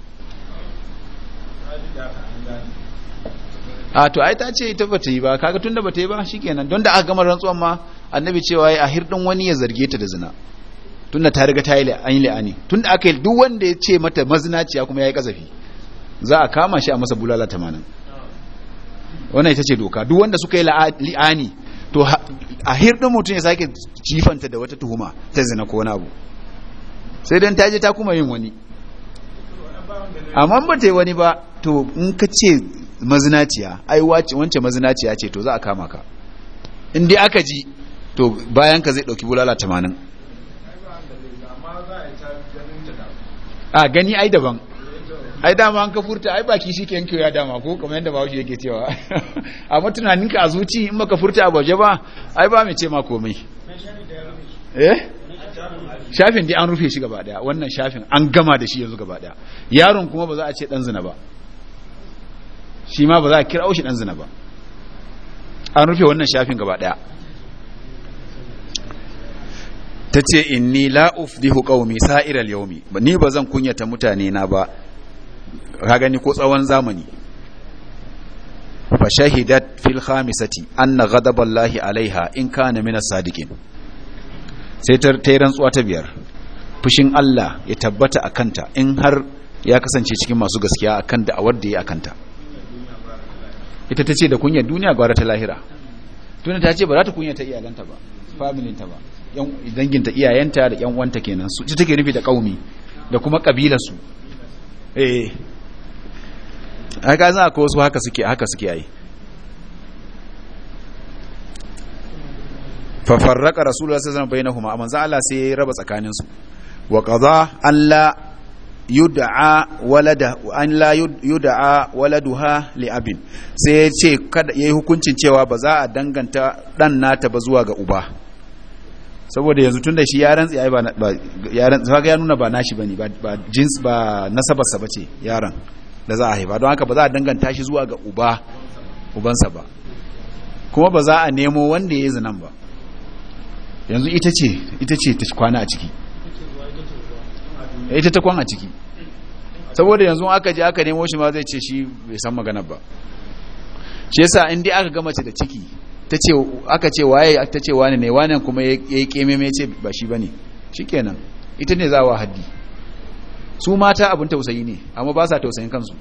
a to ai ta ce ita bata yi ba kaga tunda bata yi ba shikenan don da aka gama rantsuwan ma annabi cewa ya ahir din wani ya zarge ta da zina tunda ta riga ta yi an yi la'ani tunda aka yi duk wanda ya ce mata mazinaciya kuma ya yi kazafi za a kama shi a masa bulala tamanin wannan ita ce doka duk wanda suka yi la'ani to a hirɗin mutum ya sake jifanta da wata tuhuma ta zina ko wani abu sai dan ta je ta kuma yin wani amma ba ta yi wani ba to in ka ce mazinaciya ai wance mazinaciya ce to za a kama ka in dai aka ji to bayan ka zai dauki bulala 80 a gani ai daban ai dama an ka furta ai baki shi ke yankewa dama ko kamar yadda bawo shi yake cewa amma tunaninka a zuci in baka furta a baje ba ai ba mai ce ma komai eh shafin dai an rufe shi gaba daya wannan shafin an gama da shi yanzu gaba daya yaron kuma ba za a ce dan zina ba shi ma ba za a kira shi dan zina ba an rufe wannan shafin gaba daya ta ce inni la ufdihu qaumi sa'iral yaumi ni ba zan kunyata mutane na ba ka gani ko tsawon zamani fa shahidat fil khamisati anna ghadaballahi alaiha in kana min as-sadiqin sai ta yi rantsuwa ta biyar fushin Allah ya tabbata a kanta in har ya kasance cikin masu gaskiya akan da'awar da ya akanta ita ta ce da kunyar duniya gwara ta lahira tuni ta ce ba za ta kunya ta iyalanta ba familinta ba yan danginta iyayenta da yan uwanta kenan su ita take nufi da kaumi da kuma kabilar su eh haka za ko wasu haka suke haka suke yi fa farraqa rasulullahi sallallahu alaihi wasallam bainahuma amma za Allah sai ya raba tsakanin su wa qada alla yud'a walada an la yud'a waladuha li abin sai ya ce kada yi hukuncin cewa ba za a danganta dan nata ba zuwa ga uba saboda yanzu tunda shi ya rantsi ai ba ya rantsi ga ya nuna ba nashi bane ba jins ba nasabar sa bace yaron da za a haifa don haka ba za a danganta shi zuwa ga uba ubansa ba kuma ba za a nemo wanda ya yi zinan ba yanzu ita ce ita ce ta kwana a ciki ita ta kwan a ciki saboda yanzu aka je aka nemo shi ma zai ce shi bai san magana ba shi yasa in aka gama ce da ciki ta ce aka ce waye ta ce wani ne wani kuma ya yi keme mai ce ba shi bane shikenan ita ne za wa haddi su mata abin tausayi ne amma ba sa tausayin kansu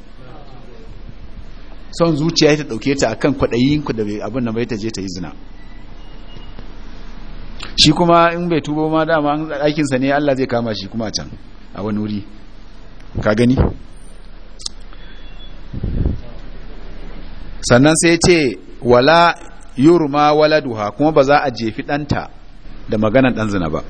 son zuciya ta dauke ta akan kwadayin ku da abin nan bai ta je ta yi zina shi kuma in bai tubo ma dama aikinsa ne Allah zai kama shi kuma can a wani wuri ka gani sannan sai ce wala yurma waladuha kuma ba za a jefi ɗanta da magana ɗanzina zina ba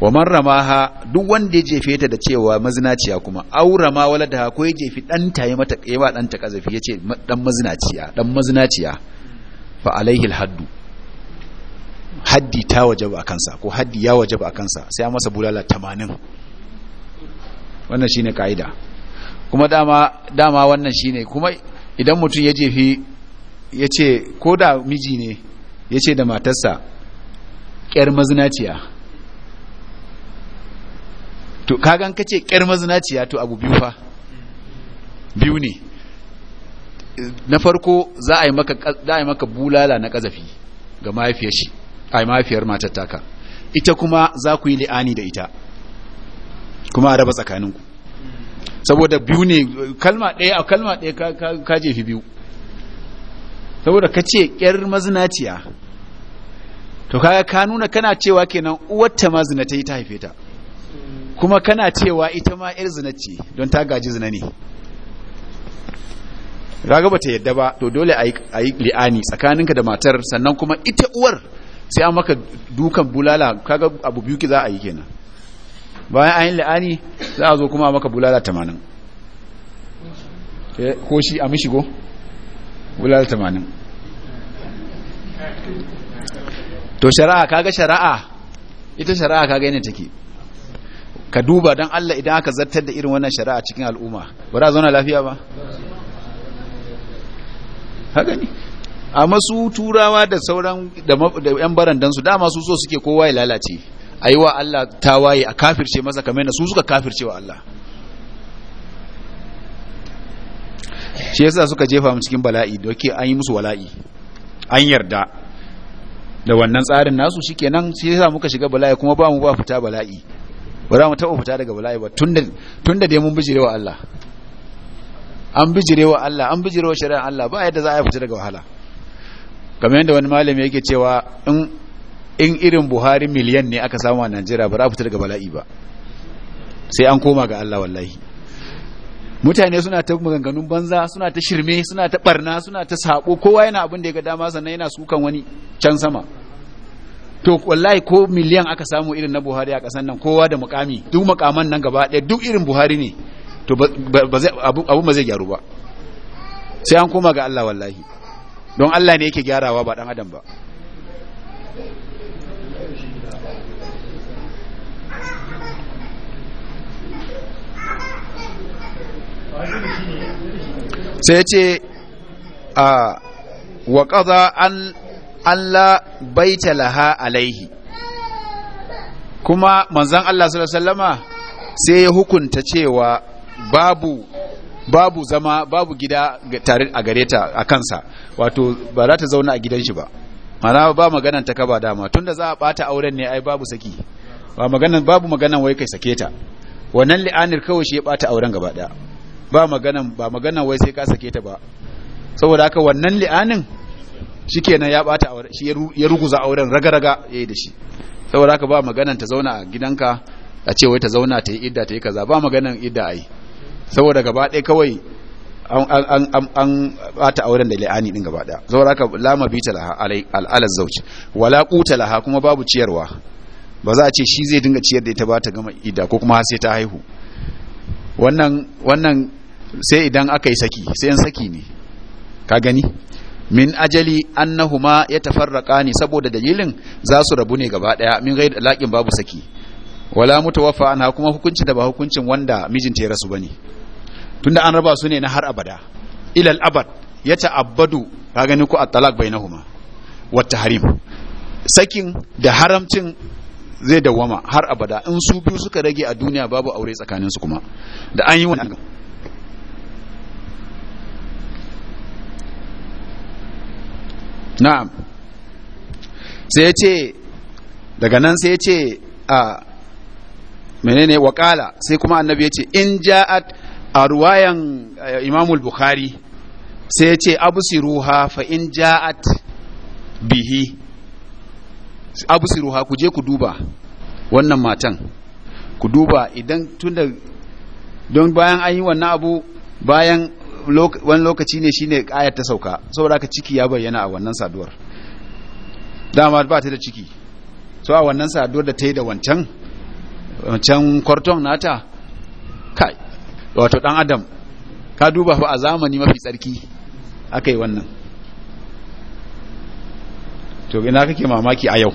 wa man ramaha duk wanda ya jefe ta da cewa mazinaciya kuma aurama waladaha ko ya jefi ɗanta ya mata ya ba ɗanta kazafi ya ce ɗan mazinaciya ɗan mazinaciya fa alaihi haddu haddi ta wajaba a kansa ko haddi ya wajaba a kansa sai ya masa bulala tamanin wannan shine kaida kuma dama dama wannan shine kuma idan mutum ya jefi yace ko da miji ne yace da matarsa kyar mazinaciya to kagan kace kyar mazinaciya to abu biyu fa biyu ne na farko za a yi maka za a yi maka bulala na kazafi ga mahaifiyar shi ai mahaifiyar matar taka ita kuma za ku yi li'ani da ita kuma a raba tsakaninku saboda biyu ne kalma ɗaya a kalma ɗaya ka jefi biyu saboda ka ce ƙyar mazinaciya to kaga ka nuna kana cewa kenan uwarta ma ta yi ta haife ta kuma kana cewa ita ma ƴar zina ce don ta gaji zina ne ba ta yadda ba to dole a yi li'ani tsakaninka da matar sannan kuma ita uwar sai an maka dukan bulala kaga abu biyu ki za a yi kenan bayan an yi la'ani za a zo kuma a maka bulala tamanin eh, ko shi a mishigo bulala tamanin to shari'a kaga shari'a ita shari'a kaga yana take ka duba don Allah idan aka zartar da irin wannan shari'a cikin al'umma ba za zauna lafiya ba haka ne a masu turawa da sauran da 'yan barandansu dama su so suke kowa ya lalace a yi wa Allah tawaye a kafirce masa kamar na su suka kafirce wa Allah shi yasa suka jefa mu cikin bala'i da yake an yi musu wala'i an yarda da wannan tsarin nasu kenan shi yasa muka shiga bala'i kuma ba mu ba fita bala'i ba za mu taɓa fita daga bala'i ba tunda tunda dai mun bijire wa Allah an bijire wa Allah an bijire wa shari'ar Allah ba yadda za a fita daga wahala kamar yadda wani malami yake cewa in in irin buhari miliyan ne aka samu a najeriya ba za a fita daga bala'i ba sai an koma ga allah wallahi mutane suna ta maganganun banza suna ta shirme suna ta barna suna ta sabo kowa yana abin da ya ga dama sannan yana sukan wani can sama to wallahi ko miliyan aka samu irin na buhari a kasan nan kowa da mukami duk mukaman nan gaba ɗaya duk irin buhari ne to abu ba zai gyaru ba sai an koma ga allah wallahi don allah ne yake gyarawa ba dan adam ba sai ce a wa ƙaza an la baita laha alaihi kuma manzan Allah sallama sai ya hukunta cewa babu babu zama babu gida tare a gare ta a kansa wato ba za ta zauna a gidan shi ba mana ba maganan ta kaba dama tunda za a bata auren ne ai babu saki ba maganan babu maganan wai kai sake ta wannan li'anir kawai shi ya bata auren gaba daya ba maganan ba maganan wai sai ka sake ta ba saboda haka wannan li'anin shikenan ya bata aure shi ya ruguza auren raga-raga yayi da shi saboda haka ba maganan ta zauna a gidanka a ce wai ta zauna ta yi idda ta yi kaza ba maganan idda ai saboda gaba ɗaya kawai an an an an bata auren da li'ani din gaba ɗaya saboda haka la mabita laha al'ala zauj wala quta laha kuma babu ciyarwa ba za a ce shi zai dinga ciyar da ita ba ta gama idda ko kuma har sai ta haihu wannan wannan sai idan aka yi saki sai yan saki ne ka gani min ajali annahuma ya tafarraka ne saboda dalilin za su rabu ne gaba daya min gaida laƙin babu saki wala mutawaffa ana kuma hukunci da ba hukuncin wanda mijinta ya rasu ba ne. tunda an raba su ne na har abada ilal abad ya ta'abbadu ka gani ko bai talaq bainahuma wa tahrim sakin da haramcin zai dawama har abada in su biyu suka rage a duniya babu aure tsakaninsu kuma da an yi wannan na'am sai ya ce daga nan sai ya ce a menene wakala sai kuma annabi ya ce in ja'at a ruwayan eh, imamul bukhari sai ya ce ruha fa in ja'at bihi ruha ku je ku duba wannan matan ku duba idan tunda don bayan an yi wannan abu bayan wani lokaci ne shi ne kayar ta sauka saboda haka ciki ya bayyana a wannan saduwar dama ba ta da ciki so a wannan saduwar da ta yi da wancan wancan kwarton nata kai wato dan adam ka duba ba a zamani mafi tsarki aka yi wannan to ina kake mamaki a yau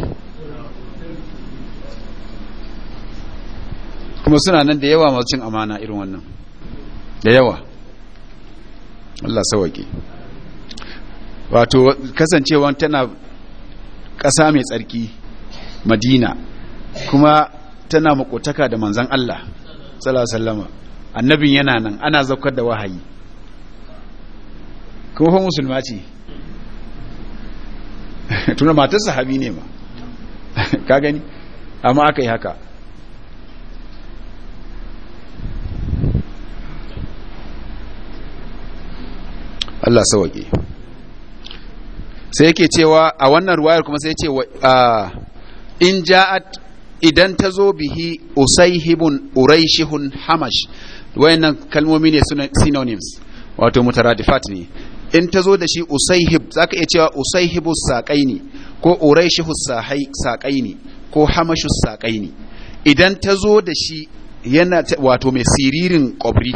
kuma suna nan da yawa masu cin amana irin wannan da yawa Allah sawaki wato kasancewa tana ƙasa mai tsarki madina kuma tana makotaka da manzan Allah sallama annabin yana nan ana zaukar da wahayi kuma fa musulma ce tuna matar sahabi ne ma ka gani amma aka yi haka Allah Sa sai yake cewa a wannan ruwayar kuma sai ya ce in ja'at idan ta zo bihi usaihibun uraishihun hamash wayannan kalmomi ne synonyms wato mutaradifat ne in ta zo da shi usaihib zaka iya cewa usaihibus saqaini ko uraishihus saqaini ko hamashus saqaini idan ta zo da shi yana wato mai siririn ƙwabri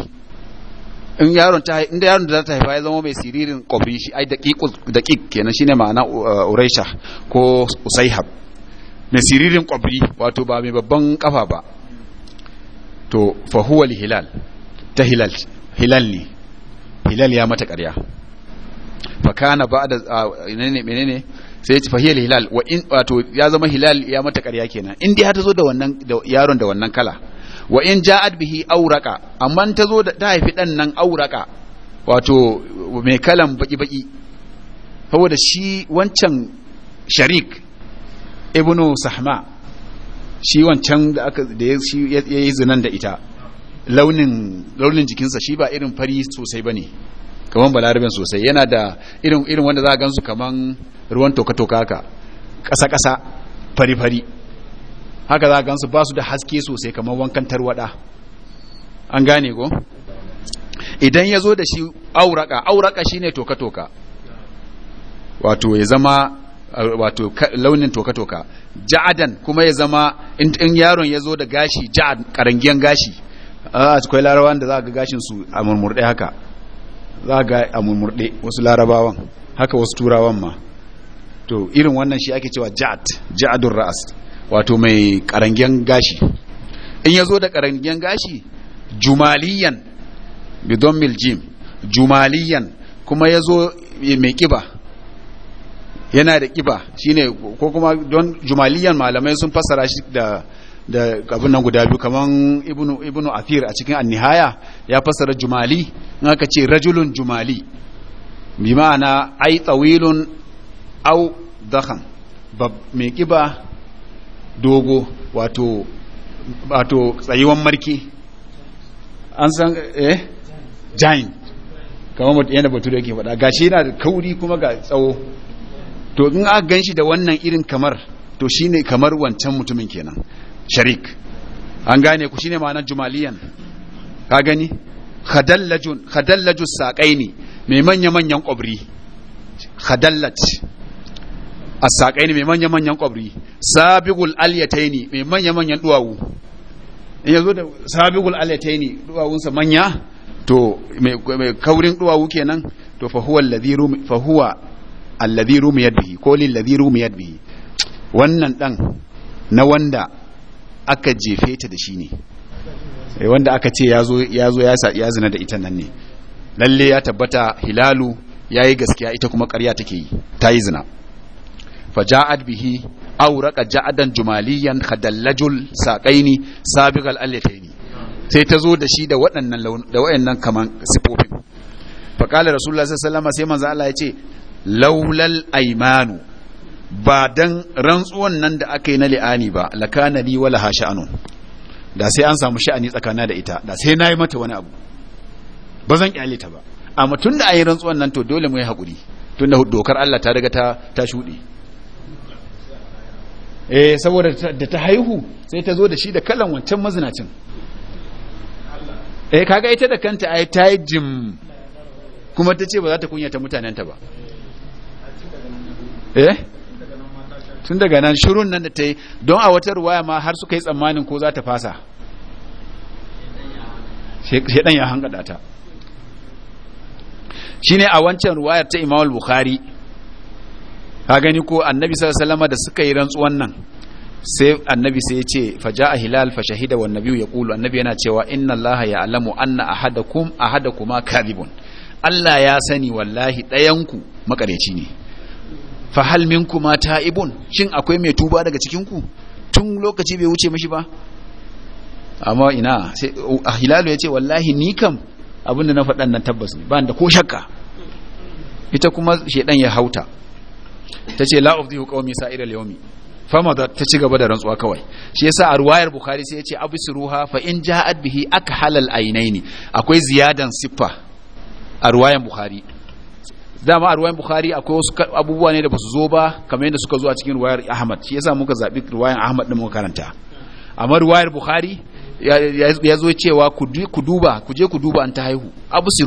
in yaron ta in da yaron da za ta haifa ya zama mai siririn kofin shi ai daqiq daqiq kenan shine ma'ana uh, uraisha ko usaihab mai siririn kofi wato ba mai babban kafa ba to fa huwa hilal ta hilal hilal ne hilal ya mata ƙarya fa kana ba'da uh, menene menene sai ya fa hiya hilal wa in wato ya zama hilal ya mata ƙarya kenan in ya ta zo da wannan yaron da wannan kala wa in ja'at bihi auraka amma ta zo da ta haifi dan nan auraka wato mai kalan baki baki saboda shi wancan sharik ibnu sahma shi wancan da aka da shi yayi zinan da ita launin launin jikinsa shi ba irin fari sosai bane kaman balarabin sosai yana da irin irin wanda za a gansu kaman ruwan toka toka haka ƙasa ƙasa fari fari haka za gansu ba su da haske sosai kamar wankan tarwada an gane ko idan ya zo da shi auraka auraka ne toka-toka wato ya zama wato launin toka-toka ja'adan kuma ya zama in yaron ya zo da gashi ja'ad karangiyan gashi a cikin larabawan da za ga gashin su a murmurde haka za ga a murmurde wasu larabawan haka wasu turawan ma to irin wannan shi ake cewa ja'ad ja'adun ra'as wato mai karangen gashi in ya zo da karangen gashi jumaliyan bidon miljim jumaliyan kuma ya mai kiba yana da kiba shine ko kuma don jumaliyan malamai sun fassara shi da da abin nan guda biyu kamar ibnu ibnu afir a cikin annihaya ya fassara jumali in aka ce rajulun jumali bi ma'ana ai tawilun au dakhan mai kiba dogo wato wato tsayuwan marki an san eh giant kamar mutum yana batu da yake faɗa gashi yana da kauri kuma ga tsawo to in aka ganshi da wannan irin kamar to shine kamar wancan mutumin kenan sharik an gane ku shine ma'anar jumaliyan ka gani khadallajun khadallaju saqaini mai manya manyan kwabri khadallaj as mai manyan manyan qabri sabigul alyataini mai manyan manyan duwawu in yanzu da sabigul alyataini duwawunsa manya to mai kaurin duwawu kenan to fahuwa alladhiru mu yadda fa ko lil ladhi rumi yadihi wannan dan na wanda aka jefe ta da shi ne eh, wanda aka ce ya zo ya zina da ita nan ne lalle ya tabbata hilalu ya yi gaskiya ita kuma karya take yi ta yi zina faja'at bihi awraqa ja'adan jumaliyan khadallajul saqaini sabiqal allataini sai ta zo da shi da waɗannan da waɗannan kaman sifofin fa qala rasulullah sallallahu sai manzo Allah ya ce laulal aymanu ba dan rantsuwan nan da aka yi na li'ani ba lakana li wala hasha'anun da sai an samu sha'ani tsakana da ita da sai nayi mata wani abu ba zan kyale ta ba amma tunda ayi rantsuwan nan to dole mu yi hakuri tunda dokar Allah ta daga ta ta shuɗe eh saboda da ta haihu sai ta zo da shi da kalan wancan mazinacin eh kaga ita da kanta ai ta yi jim kuma ta ce ba za ta kunyata mutanenta ba eh tun daga nan shirun nan da ta yi don a wata ruwaya ma har suka yi tsammanin ko za ta fasa shedan ya hangada ta shine a wancan ruwayar ta imamul bukhari ka gani ko annabi sallallahu da suka yi rantsuwan nan sai annabi sai ya ce faja'a hilal fa shahida wan nabiyyu yaqulu annabi yana cewa inna allaha ya'lamu anna ahadakum ahadakuma kadibun Allah ya sani wallahi ɗayanku makareci ne fa hal minkum ta'ibun shin akwai mai tuba daga cikin ku tun lokaci bai wuce mishi ba amma ina sai ya ce wallahi ni kam abinda na faɗan nan tabbas ne ba da ko shakka ita kuma shedan ya hauta ta ce la of the hukawami sa'ir fama ta ci gaba da rantsuwa kawai shi yasa a ruwayar bukhari sai ya ce ruha fa in ja'at bihi aka halal ne akwai ziyadan siffa a ruwayar bukhari dama a ruwayan bukhari akwai wasu abubuwa ne da basu zo ba kamar yadda suka zo a cikin ruwayar ahmad shi yasa muka zaɓi ruwayan ahmad din muka karanta amma ruwayar bukhari ya zo cewa ku duba ku je ku duba an ta haihu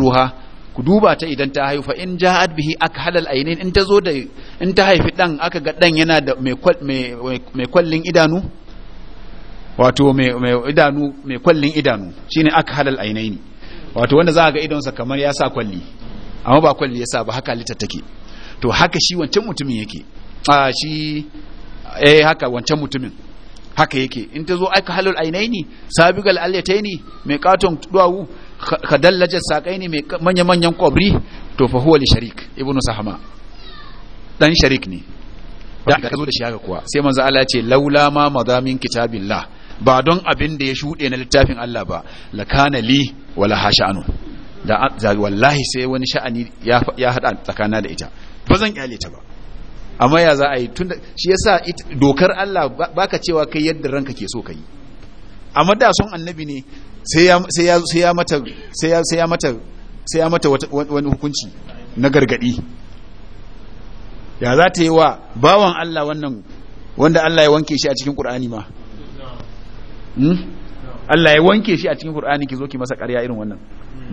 ruha ku duba ta idan ta haifa in ja'at bihi akhalal ainin in ta zo da in ta haifi dan aka ga dan yana da mai mai kwallin idanu wato mai idanu mai kwallin idanu shine akhalal ainaini wato wanda za ga idonsa kamar ya sa kwalli amma ba kwalli ya sa ba haka litta take to haka shi wancan mutumin yake a shi eh haka wancan mutumin haka yake in ta zo aka halul ainaini sabigal alyataini mai katon duwawu kadallajar saƙai ne mai manya-manyan kwabri to fa li sharik ibnu sahama dan sharik ne da aka zo da shi haka kuwa sai manzo Allah ce laula ma madamin kitabillah ba don abin da ya shuɗe na littafin Allah ba lakana li wala hasha'anu da wallahi sai wani sha'ani ya hada tsakana da ita ba zan kyale ta ba amma ya za a yi tunda shi yasa dokar Allah baka cewa kai yadda ranka ke so ka yi amma da son annabi ne sai ya mata sai ya mata sai ya mata wani hukunci na gargadi ya za ta yi wa bawan Allah wannan wanda Allah ya wanke shi a cikin Qur'ani ma hmm? Allah ya wanke shi a cikin Qur'ani ki zo ki masa ƙarya irin wannan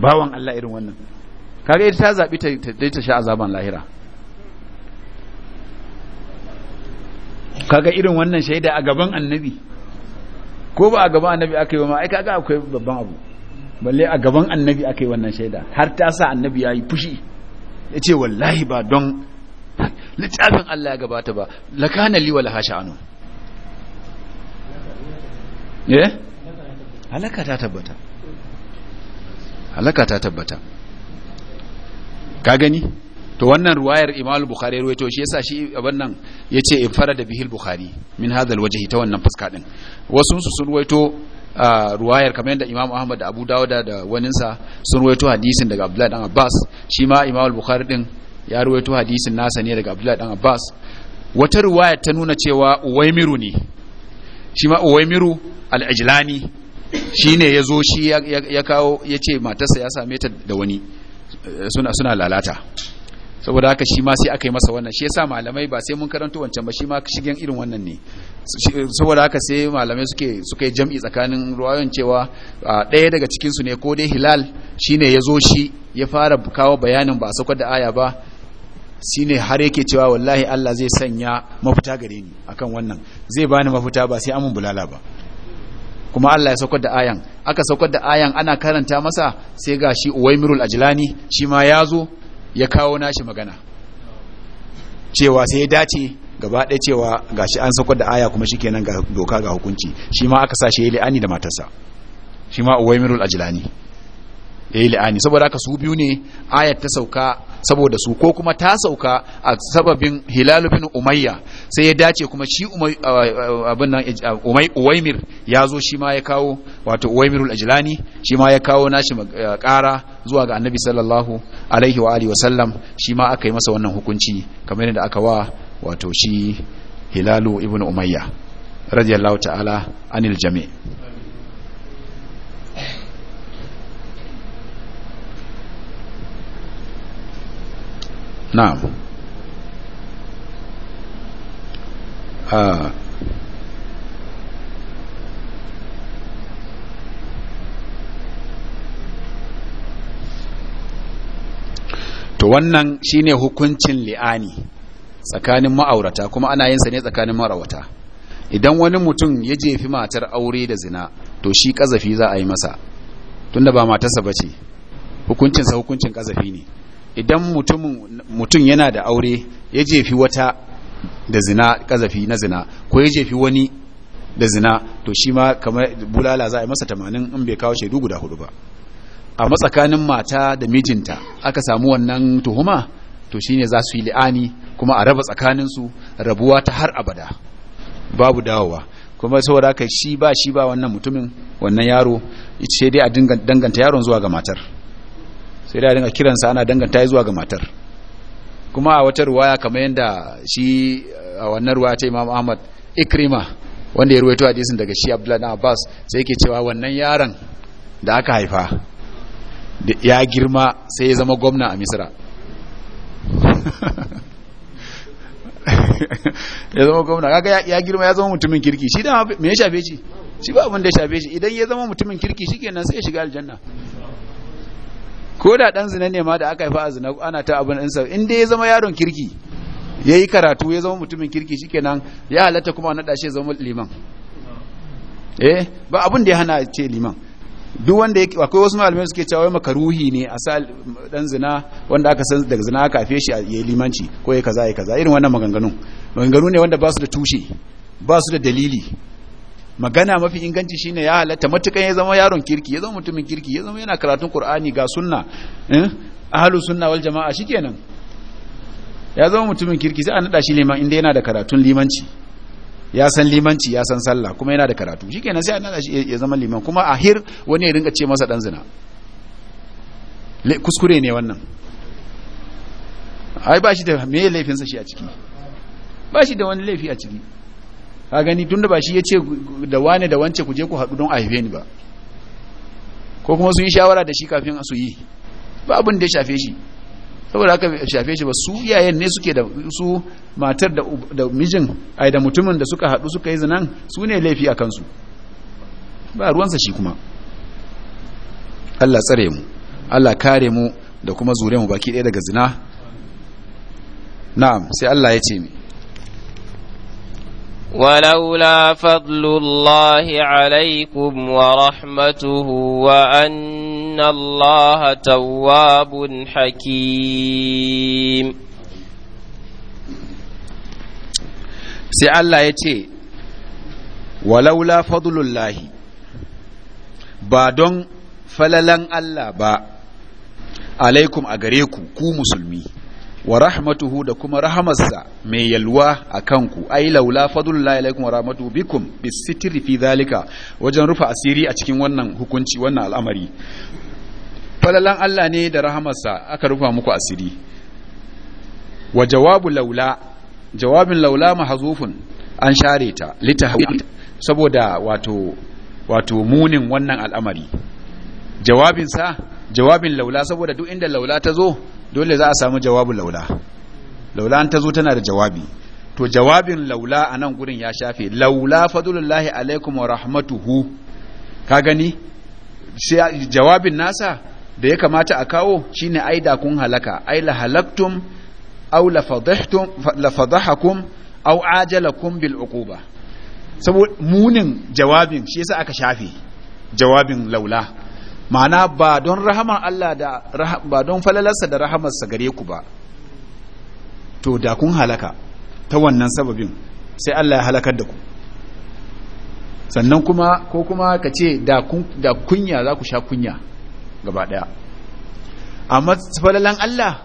bawan Allah irin wannan kaga ita ta zabi ta dai ta sha azaban lahira kaga irin wannan shaida a gaban annabi ko ba a gaban annabi aka yi ma ai kaga akwai babban abu balle a gaban annabi aka yi wannan shaida har ta sa annabi ya yi fushi ya ce wallahi ba don littafin Allah ya gabata ba lakana liwa laha anu. eh halaka ta tabbata halaka ta tabbata ka gani to wannan ruwayar imamu bukhari ya ruwaito shi yasa shi abannan yace in bihil bukhari min hadha alwajhi ta wannan fuska din wasu su sun a ruwayar kamar yadda Imam Ahmad da Abu Dawud da waninsa sun waito hadisin daga Abdullahi dan Abbas shi ma Imam al-Bukhari din ya ruwaito hadisin nasa ne daga Abdullahi dan Abbas wata ruwaya ta nuna cewa Uwaimiru ne shi ma Uwaimiru al-Ajlani ya yazo shi ya kawo ya ce matarsa ya same ta da wani suna suna lalata saboda haka shi ma sai aka yi masa wannan shi yasa malamai ba sai mun karanto wancan ba shi ma shigen irin wannan ne saboda haka sai malamai suke suka yi jam'i tsakanin ruwayon cewa ɗaya daga cikinsu ne ko dai hilal shine ya zo shi ya fara kawo bayanin ba a saukar da aya ba shine har yake cewa wallahi Allah zai sanya mafita gare ni akan wannan zai bani mafita ba sai amun bulala ba kuma Allah ya saukar da ayan aka saukar da ayan ana karanta masa sai ga shi Uwaimirul ajilani shi ma ya zo ya kawo nashi magana cewa sai ya dace gaba ɗaya cewa shi an saukar da aya kuma kenan ga doka ga hukunci shi ma aka sashi ya li'ani da matarsa shi ma ajilani Ya yi li'ani saboda haka su biyu ne ayat ta sauka saboda su ko kuma ta sauka a sababin hilal bin umayya sai ya dace kuma shi abin nan umay uwaimir ya zo shi ma ya kawo wato uwaimirul ajilani shi ma ya kawo nashi kara zuwa ga annabi sallallahu alaihi wa alihi wa sallam shi ma aka yi masa wannan hukunci kamar yadda aka wa wato shi hilalu ibn umayya radiyallahu ta'ala anil jami na'am ah. to wannan shine hukuncin li'ani tsakanin ma'aurata kuma ana yin sa ne tsakanin ma'aurata idan wani mutum ya jefi matar aure da zina to shi kazafi za a yi masa tunda ba matarsa bace hukuncin sa hukuncin kazafi ne idan mutum yana da aure ya jefi wata da zina kazafi na zina ko ya jefi wani da zina to shi ma kamar bulala za a yi masa tamanin in bai kawo shaidu guda hudu ba a matsakanin mata da mijinta aka samu wannan tuhuma to shine za su yi li'ani kuma a raba tsakaninsu rabuwa ta har abada babu dawowa kuma saboda ka shi ba shi ba wannan mutumin wannan yaro ita dai a danganta yaron zuwa ga matar sai dai a dinga kiransa ana danganta zuwa ga matar kuma a wata ruwaya kamar yadda shi a wannan ruwa ta Imam Ahmad Ikrima wanda ya ruwaito hadisin daga shi Abdullahi na Abbas sai yake cewa wannan yaron da aka haifa ya girma sai ya zama gwamna a Misira. ya zama gwamna kaga ya girma ya zama mutumin kirki shi da me ya shafe shi shi ba abin da ya shafe shi idan ya zama mutumin kirki shikenan sai ya shiga aljanna ko da dan zina ne ma da aka haifa a zina ana ta abin insa in dai ya zama yaron kirki yayi karatu ya zama mutumin kirki shikenan ya halatta kuma na dashe zama liman eh ba abin da ya hana ce liman duk wanda yake akwai wasu malamai suke cewa wai makaruhi ne a sa dan zina wanda aka san daga zina aka afeshi a yayi limanci ko yayi kaza yayi kaza irin wannan maganganun maganganu ne wanda ba su da tushe ba su da dalili magana mafi inganci shine ya halatta matukan ya zama yaron kirki ya zama mutumin kirki ya zama yana karatun qur'ani ga sunna eh ahlus sunna wal jamaa shikenan ya zama mutumin kirki sai a nada shi liman inda yana da karatun limanci ya san limanci ya san sallah kuma yana da karatu shikenan sai annabi shi ya zama liman kuma a hir wani ya dinga ce masa dan zina kuskure ne wannan ai ba shi da me laifin sa shi a ciki ba shi da wani laifi a ciki ka gani tunda ba shi ya ce da wane da wance ku je ku haɗu don a haife ni ba ko kuma su yi shawara da shi kafin su yi ba abin da ya shafe shi saboda haka shafe shi ba su iyayen ne suke da su matar da mijin ai da mutumin da suka haɗu suka yi zinan su ne laifi a kansu ba ruwansa shi kuma Allah tsare mu Allah kare mu da kuma zure mu baki ɗaya daga zina na'am sai Allah ya ce mi ولولا فضل الله عليكم ورحمته وأن الله تواب حكيم sai Allah ya ce walaula fadlullahi ba don falalan Allah ba alaikum a gare ku ku musulmi wa rahmatuhu da kuma rahamarsa mai yalwa a kanku ai laula fadlullahi alaikum wa rahmatuhu bikum bisitri fi zalika wajen rufa asiri a cikin wannan hukunci wannan al'amari falalan Allah ne da rahamarsa aka rufa muku asiri wa jawabu laula jawabin laula mahzufun an share ta litahawita saboda wato munin wannan al'amari jawabin sa jawabin laula saboda duk inda laula ta zo dole za a samu jawabin laula laula an ta zo tana da jawabi to jawabin laula a nan gurin ya shafe laula fadulullahi alaikum wa rahmatuhu ka gani jawabin nasa da ya kamata a kawo shine ai da kun halaka ai la halaktum aw la fadahtum la fadahakum aw ajalakum bil uquba saboda munin jawabin shi yasa aka shafe jawabin laula ma'ana ba don rahaman Allah da ba don falalarsa da rahamarsa gare ku ba to da kun halaka ta wannan sababin sai Allah ya halakar da ku sannan kuma ko kuma ka ce da kunya za ku sha kunya gaba daya amma falalan Allah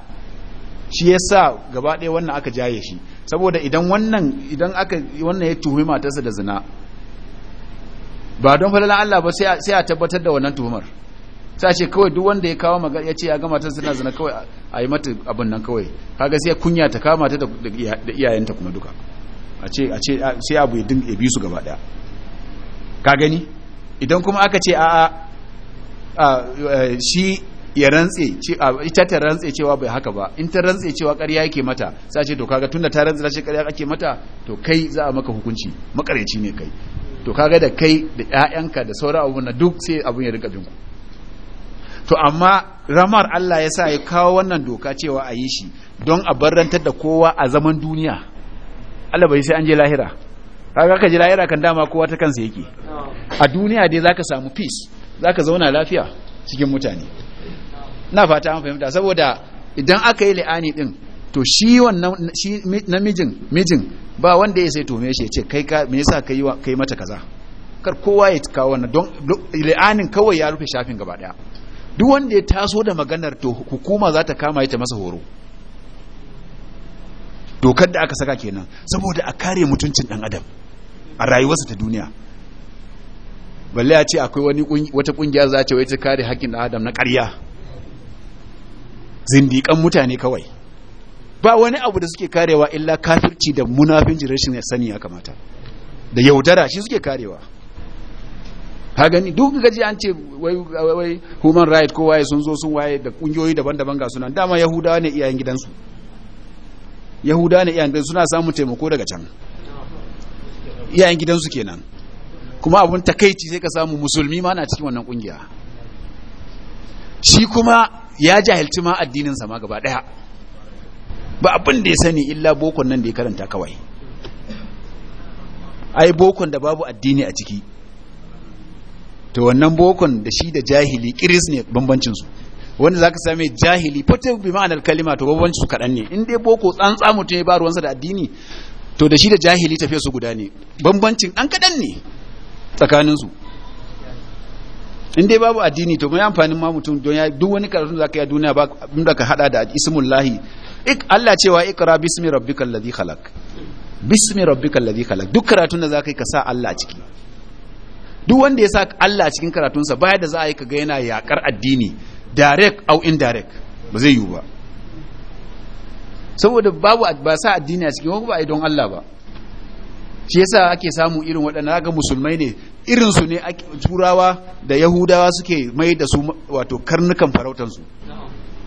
shi ya sa gaba daya wannan aka jaye shi saboda idan wannan idan aka wannan ya tuhumi matarsa da zina ba don falalan Allah ba sai a tabbatar da wannan tuhumar sai ce kawai duk wanda ya kawo magana ya ce ya gama ta suna zina kawai a yi mata abin nan kawai kaga sai kunya ta kama ta da iyayenta kuma duka a ce a ce sai abu ya dinga bi su gaba daya ka gani idan kuma aka ce a a shi ya rantse ita ta rantse cewa bai haka ba in ta rantse cewa ƙarya yake mata sai ce to kaga tunda ta rantse ce ƙarya ake mata to kai za a maka hukunci makareci ne kai to kaga da kai da ƴaƴanka da sauran abubuwan duk sai abun ya rika binku to amma ramar Allah ya sa ya kawo wannan doka cewa a yi shi don a barrantar da kowa a zaman duniya Allah bai sai an je lahira kaga ka je lahira kan dama kowa ta kansa yake a duniya dai zaka samu peace zaka zauna lafiya cikin mutane na fata an fahimta saboda idan aka yi li'ani din to shi wannan shi namijin mijin ba wanda ya sai tome shi ya ce kai ka me yasa kai kai mata kaza kar kowa ya kawo wannan don li'anin kawai ya rufe shafin gaba daya duk wanda ya taso da maganar to hukuma za ta kama ita masa horo dokar da aka saka kenan saboda a kare mutuncin dan adam a rayuwarsa ta duniya balle a ce akwai wani wata kungiya za ta kare haƙƙin dan adam na ƙarya Zindikan mutane kawai ba wani abu da suke karewa illa kafirci da munafinci rashin sani ya kamata da yaudara shi suke karewa ka gani duk gaji an ce wai wai human right ko waye sun zo sun waye da kungiyoyi daban-daban ga sunan dama yahudawa ne iyayen gidansu yahudawa ne iyayen gidansu suna samun taimako daga can iyayen gidansu kenan kuma abun takaici sai ka samu musulmi ma na cikin wannan kungiya shi kuma ya jahilci ma addinin sa ma gaba daya ba abin da ya sani illa bokon nan da ya karanta kawai ai bokon da babu addini a ciki to wannan bokon da shi da jahili kiris ne bambancin su wanda zaka same jahili fata bi ma'anar kalima to bambancin su kadan ne in dai boko tsantsa mutum ya ba ruwansa da addini to da shi da jahili tafiya su guda ne bambancin an kadan ne tsakanin su in dai babu addini to mai amfanin ma mutum don ya duk wani karatu zaka yi duniya ba inda ka hada da ismullahi ik Allah cewa ikra bismi rabbikal ladhi khalaq bismi rabbikal ladhi khalaq duk karatun da zaka yi ka sa Allah a ciki duk wanda ya sa Allah cikin karatunsa baya da za a yi ka yana yakar addini direct au indirect ba zai yiwu ba saboda babu ba sa addini a cikin wani ba a yi don Allah ba shi yasa ake samu irin waɗanda ga musulmai ne irin su ne turawa da yahudawa suke mai da su wato karnukan su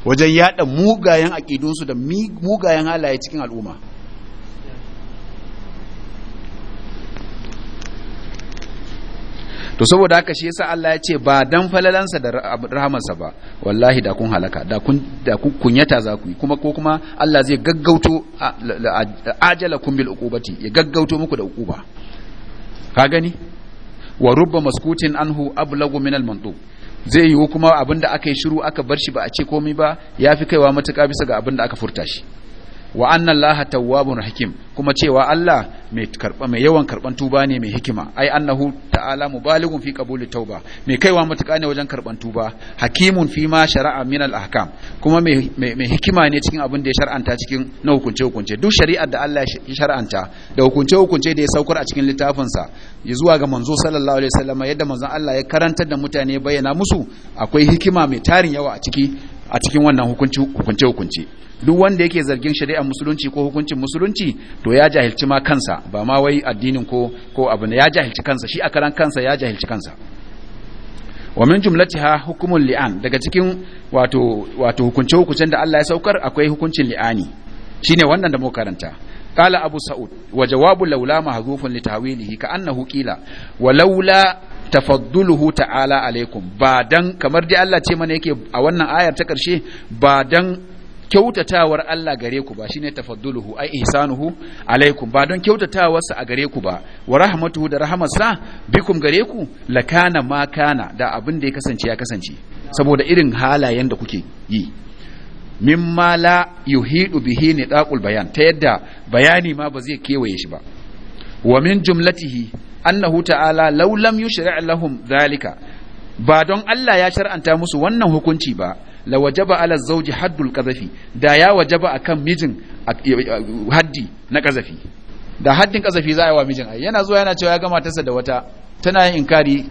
wajen yada mugayen aƙidunsu da mugayen halaye cikin al'umma to saboda haka shi yasa Allah ya ce ba dan falalansa da rahamarsa ba wallahi da kun halaka da kun da kun kunyata za ku kuma ko kuma Allah zai gaggauto ajalakum bil uqubati ya gaggauto muku da uquba ka gani wa rubba maskutin anhu ablagu min al zai yiwu kuma abinda aka yi shiru aka bar shi ba a ce komai ba ya fi kaiwa matuƙa bisa ga abinda aka furta shi wa anna allaha tawwabun hakim kuma cewa Allah mai karba mai yawan karban tuba ne mai hikima ai annahu ta'ala mubalighun fi qabuli tauba mai kaiwa matuka ne wajen karban tuba hakimun fi ma shara'a min al ahkam kuma mai mai hikima ne cikin abin da ya shar'anta cikin na hukunce hukunce duk shari'ar da Allah ya shar'anta da hukunce hukunce da ya saukar a cikin littafin sa zuwa ga manzo sallallahu alaihi wasallam yadda manzon Allah ya karantar da mutane bayyana musu akwai hikima mai tarin yawa a ciki a cikin wannan hukunce hukunce duk wanda yake zargin shari'ar musulunci ko hukuncin musulunci to ya jahilci ma kansa ba ma wai addinin ko ko abu ne ya jahilci kansa shi a karan kansa ya jahilci kansa wa min jumlatiha hukumul li'an daga cikin wato wato hukunce hukuncen da Allah ya saukar akwai hukuncin li'ani shine wannan da mu karanta qala abu sa'ud wa jawabu laula mahdhufun litawilihi ka annahu qila wa laula tafadduluhu ta'ala alaikum ba dan kamar dai Allah ce mana yake a wannan ayar ta karshe ba dan kyautatawar Allah gare ku ba shine tafadduluhu ai ihsanuhu alaikum ba don kyautatawarsa a gare ku ba wa rahmatuhu da rahamarsa bikum gare ku lakana ma kana da abin da ya kasance ya kasance saboda irin halayen da kuke yi mimma la yuhidu bihi nidaqul bayan ta yadda bayani ma ba zai kewaye shi ba wa min jumlatihi annahu ta'ala law lam yushri' lahum zalika ba don Allah ya shar'anta musu wannan hukunci ba la wajaba ala zawji haddul qazafi da ya wajaba akan mijin haddi na qazafi da haddin qazafi za a yi wa mijin ai yana zuwa yana cewa ya gama tasa da wata tana yin inkari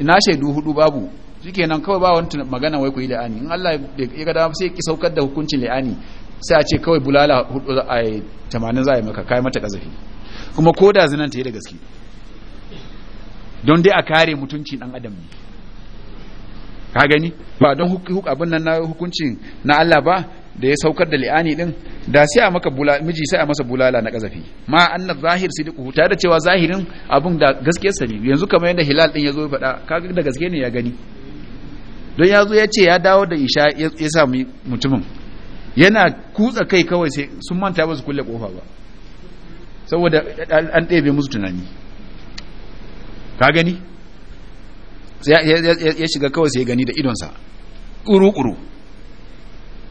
ina shaidu hudu babu shikenan kawai ba wani magana wai ku yi la'ani in Allah ya ga dama sai ki saukar da hukuncin la'ani sai a ce kawai bulala hudu a 80 za a yi maka kai mata qazafi kuma koda zinan ta yi da gaske don dai a kare mutunci dan adam ne ka gani ba don huk abin nan na hukuncin na Allah ba da ya saukar da li'ani din da sai a maka bula miji sai a masa bulala na kazafi ma na zahir Sidiku tare da cewa zahirin abin da gaskiyar sa yanzu kamar yadda hilal din yazo ya faɗa kaga da gaske ne ya gani don ya zo ya ce ya dawo da isha ya sami mutumin yana kutsa kai kawai sai sun manta ba su kulle kofa ba saboda an ɗebe musu tunani ka gani ya shiga kawai sai gani da idonsa ƙuru-ƙuru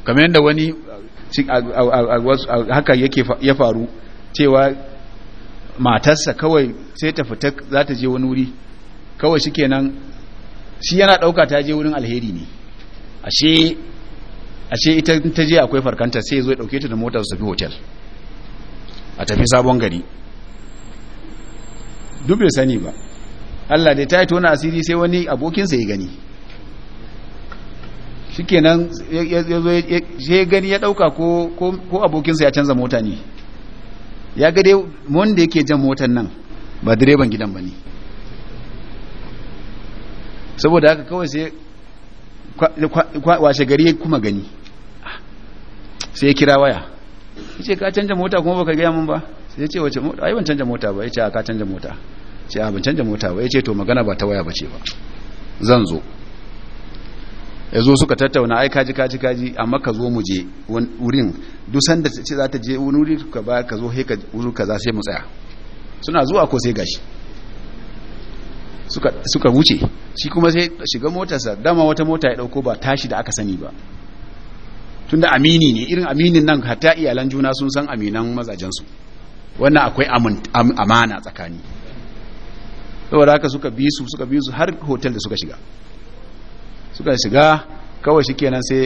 kamar yadda wani haka yake ya faru cewa matarsa kawai sai ta fita za ta je wani wuri kawai shi kenan shi yana ɗauka ta je wurin alheri ne ashe ita ta je akwai farkanta sai zo ya ɗauke ta da motar su tafi hotel a tafi sabon gari duk bai sani ba Allah da ta yi tona asiri sai wani abokinsa ya gani nan ya gani ya dauka ko abokinsa ya canza mota ne ya gade wanda yake jan motar nan ba direban gidan ba ne saboda haka kawai sai washe gari ya kuma gani sai ya kira waya ya ce ka canja mota kuma baka gaya mun ba sai ya ce wace mota ayyuan ban canja mota ba ya ce ka canja mota ce a ban canja mota ba ya ce to magana ba ta waya ba ce ba zan zo ya zo suka tattauna ai kaji kaji kaji amma ka zo mu je wurin dusan sanda ce za ta je wuri ka ba ka zo he ka wuri za sai mu tsaya suna zuwa ko sai gashi suka wuce shi kuma sai shiga motarsa dama wata mota ya dauko ba tashi da aka sani ba tunda amini ne irin aminin nan hatta iyalan juna sun san aminan mazajensu wannan akwai amana tsakani saboda haka suka bi su suka bi su har hotel da suka shiga suka shiga kawai shi kenan sai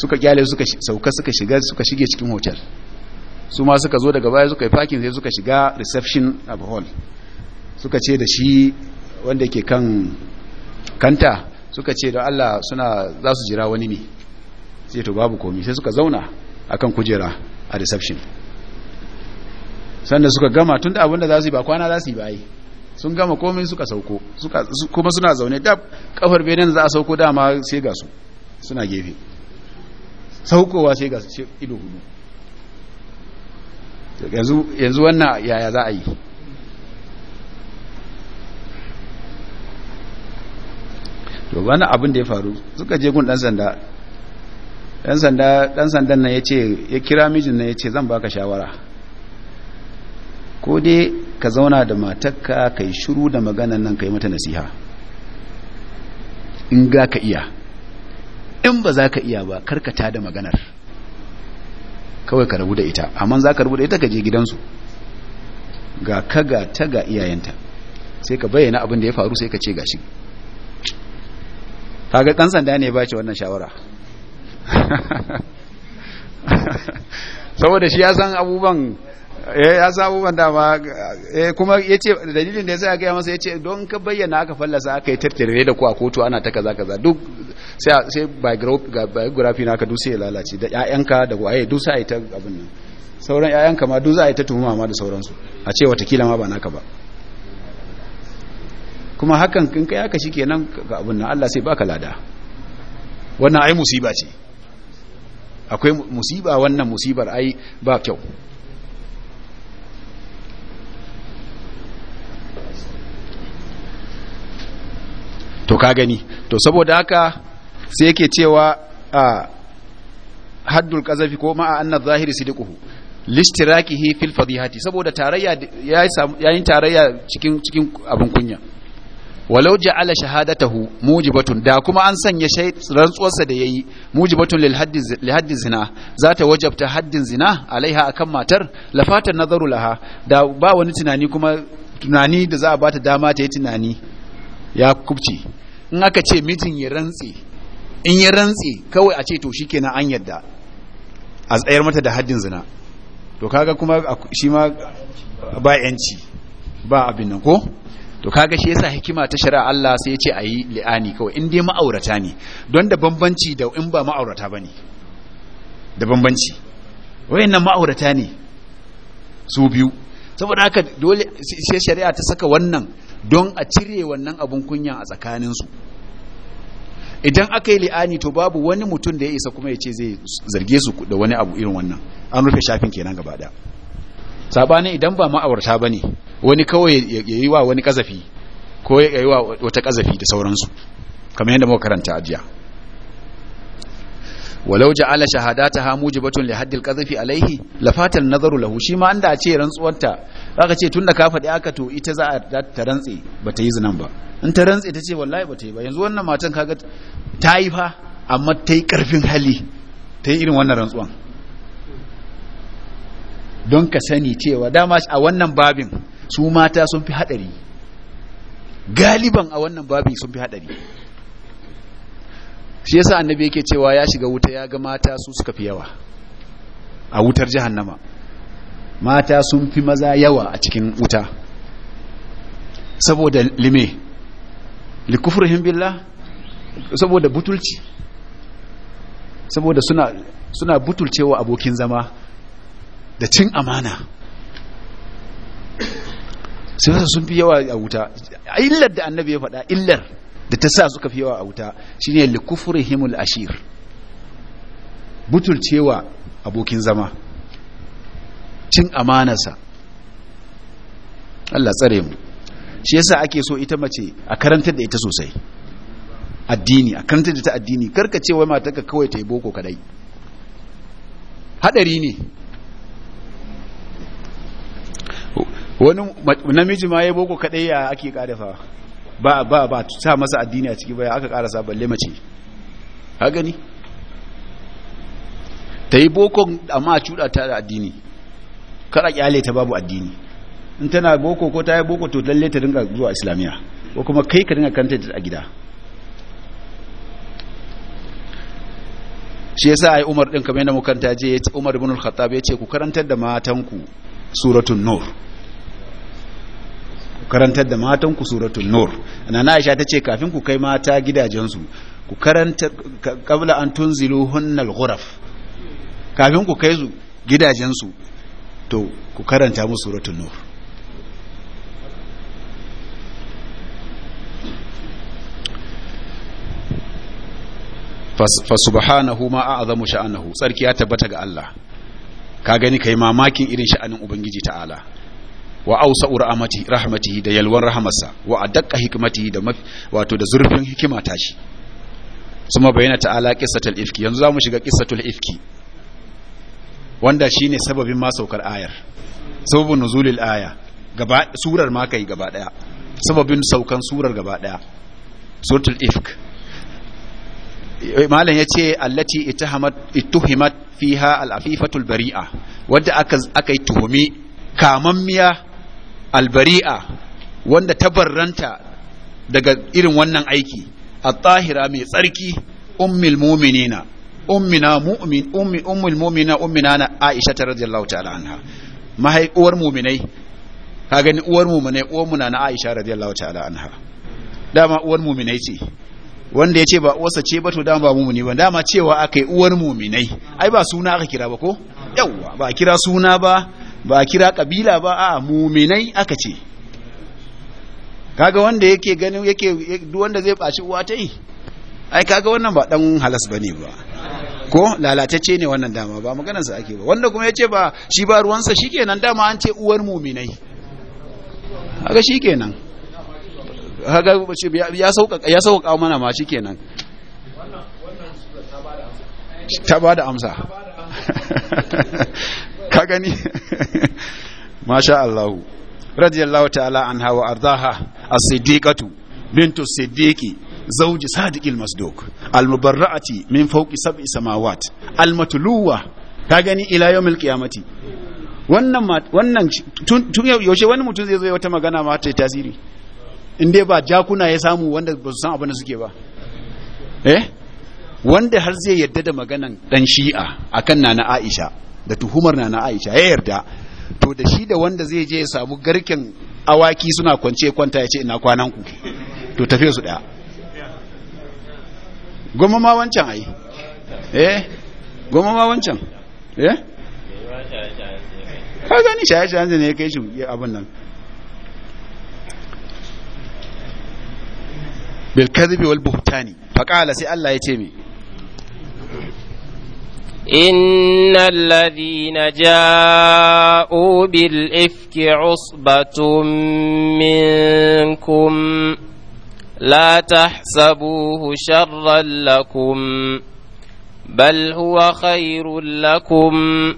suka kyale suka sauka suka shiga suka shige cikin hotel su ma suka zo daga baya suka yi parking sai suka shiga reception of hall suka ce da shi wanda ke kan kanta suka ce da Allah suna za su jira wani ne sai to babu komi sai suka zauna akan kujera a reception sanda suka gama tun da abinda za su yi ba kwana za su yi ba yi sun gama komai suka sauko kuma suna zaune da kafar benin za a sauko dama sai ga su suna gefe saukowa sai ga su ido hudu yanzu wannan yaya za a yi to wani abin da ya faru suka je gun dan sanda dan sanda dan sandan nan yace ya kira mijin nan yace zan baka shawara ko dai ka zauna da matakka ka yi shuru da maganan nan ka yi mata nasiha in ga ka iya in ba za ka iya ba karkata da maganar kawai ka rabu da ita amma za ka rabu da ita ka je gidansu ga ka ga ta ga iyayenta sai ka bayyana abin da ya faru sai ka ce gashi kaga kan sanda ne ba shi wannan shawara saboda shi ya san abubuwan eh ya sabu ban dama eh kuma yace dalilin da yasa ya gaya masa yace don ka bayyana aka fallasa aka yi tattare da ku a kotu ana ta kaza kaza duk sai sai biography na ka dusa ya lalace da ƴaƴanka da waye dusa ai ta abin nan sauran ƴaƴanka ma dusa ai ta tuhuma ma da sauransu a ce watakila ma ba naka ba kuma hakan kin kai haka shikenan ga abin nan Allah sai baka lada wannan ai musiba ce akwai musiba wannan musibar ai ba kyau to ka gani to saboda haka sai yake cewa a haddul kazafi ko ma'a annar zahiri sidiquhu listirakihi fil fadihati saboda tarayya yayin tarayya cikin abin kunya walau ja'ala shahadatahu mujibatun da kuma an sanya shay rantsuwarsa da yayi mujibatun lil haddi li haddi zina zata wajabta haddin zina alaiha akan matar lafatar nazaru laha da ba wani tunani kuma tunani da za a bata dama ta yi tunani ya kubce in aka ce mijin ya rantse in ya rantse kawai a ce to shikenan an yadda a tsayar mata da haddin zina to kaga kuma shi ma ba yanci ba abin nan ko to kaga shi yasa hikima ta shari'a Allah sai ya ce ayi li'ani kawai in dai ma'aurata ne don da bambanci da in ba ma'aurata bane da bambanci wayannan ma'aurata ne su biyu saboda haka dole sai shari'a ta saka wannan don a cire wannan abun kunya a tsakaninsu idan aka yi li'ani to babu wani mutum da ya isa kuma ya ce zai zarge su da wani abu irin wannan an rufe shafin kenan gaba da sabanin idan ba ma'aurata ba ne wani kawai ya yi wa wani kazafi ko ya yi wa wata kazafi da sauransu kamar yadda muka karanta a jiya walau ja'ala shahadataha mujibatun li haddil qazfi alaihi la nazaru lahu shi ma anda a ce rantsuwarta zaka ce tunda ka faɗi aka to ita za a ta rantse bata yi zinan ba in ta rantse ta ce wallahi ta yi ba yanzu wannan matan kaga ta yi fa amma ta yi karfin hali ta yi irin wannan rantsuwan don ka sani cewa dama a wannan babin su mata sun fi hadari galiban a wannan babin sun fi hadari shi yasa annabi yake cewa ya shiga wuta ya ga mata su suka fi yawa a wutar jahannama mata sun fi maza yawa a cikin wuta saboda lime likufurhim billah saboda butulci saboda suna suna butulcewa abokin zama da cin amana sai sun fi yawa a wuta illar da annabi ya faɗa illar da ta sa suka fi yawa a wuta shine himul ashir butulcewa abokin zama cin amanarsa Allah tsare mu shi yasa ake so ita mace a karantar da ita sosai addini a karantar da ta addini karka ce wai matarka kawai ta yi boko kadai hadari ne wani namiji ma ya boko kadai ya ake kadafa ba ba ba ta masa addini a ciki ba ya aka karasa balle mace ha gani ta yi bokon amma a cuɗa ta da addini kada kyale ta babu addini in tana boko ko ta yi boko to lalle ta dinga zuwa islamiyya ko kuma kai ka dinga kanta a gida shi yasa ai Umar din kamar yadda muka kanta je Umar ibn al-Khattab yace ku karantar da matanku suratul nur karantar da matan ku suratul nur na aisha tace kafin ku kai mata gidajensu ku karanta qabla an tunzilu hunnal ghuraf kafin ku kai su gidajensu to ku karanta musu suratul nur fa subhanahu ma a'zamu sha'anahu sarki ya tabbata ga Allah ka gani kai mamakin irin sha'anin ubangiji ta'ala wa ausa rahmati rahmatihi da yalwan rahamarsa wa adaqqa hikmatihi da wato da zurfin hikima shi. suma bayyana ta'ala qissatul ifki yanzu zamu shiga qissatul ifki wanda shine sababin ma saukar ayar sababun nuzulil aya gaba surar ma kai gaba daya sababin saukan surar gaba daya suratul ifk malam yace allati ittahamat ittuhimat fiha al-afifatul bari'a wanda aka aka yi tuhumi kamammiya albari'a wanda ta barranta daga irin wannan aiki at-tahira mai tsarki ummul mu'minina ummina mu'min ummi ummul mu'minina ummina na Aisha ta radiyallahu ta'ala anha mahai uwar mu'minai ka gani uwar mu'minai uwar mu na Aisha radiyallahu ta'ala anha dama uwar mu'minai ce wanda ya ce ba uwarsa ce ba to dama ba mu'mini ba dama cewa aka yi uwar muminai ai ba suna aka kira ba ko yawwa ba kira suna ba ba a kira kabila ba a muminai aka ce kaga wanda yake ganin yake duk wanda zai faci uwa ta yi ai kaga wannan ba dan halas bane ba ko lalatacce ne wannan dama ba maganar sa ake ba wanda kuma yace ba shi ba ruwansa shikenan dama an ce uwar muminai kaga shikenan kaga ya sauka ya sauka mana ma shikenan ta bada amsa ka gani masha Allah radiyallahu ta'ala anha wa ardaha as-siddiqatu bintu siddiqi zawji sadiq masduq al-mubarra'ati min fawqi sab'i samawat al-matluwa ka gani ila yawmil qiyamati wannan wannan tun wani mutum zai zo wata magana ma ta tasiri in ba jakuna ya samu wanda ba san abin da suke ba eh? wanda har zai yarda da maganan dan shi'a akan nana aisha da tuhumar nana aisha ya yarda to da shi da wanda zai je ya samu garkin awaki suna kwance kwanta ya ce ina kwanan ku to tafiya su daya goma ma wancan ai eh goma ma wancan eh ka gani shaya shaya zai ne kai shi abin nan bil kadhibi wal buhtani faqala sai Allah ya ce mi إن الذين جاءوا بالإفك عصبة منكم لا تحسبوه شرا لكم بل هو خير لكم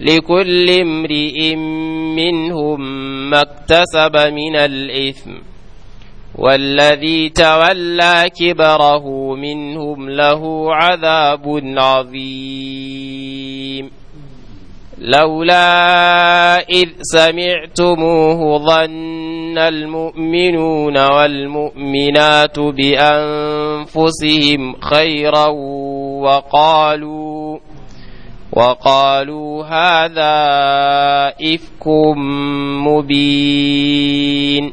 لكل امرئ منهم ما اكتسب من الإثم والذي تولى كبره منهم له عذاب عظيم لولا إذ سمعتموه ظن المؤمنون والمؤمنات بأنفسهم خيرا وقالوا وقالوا هذا إفك مبين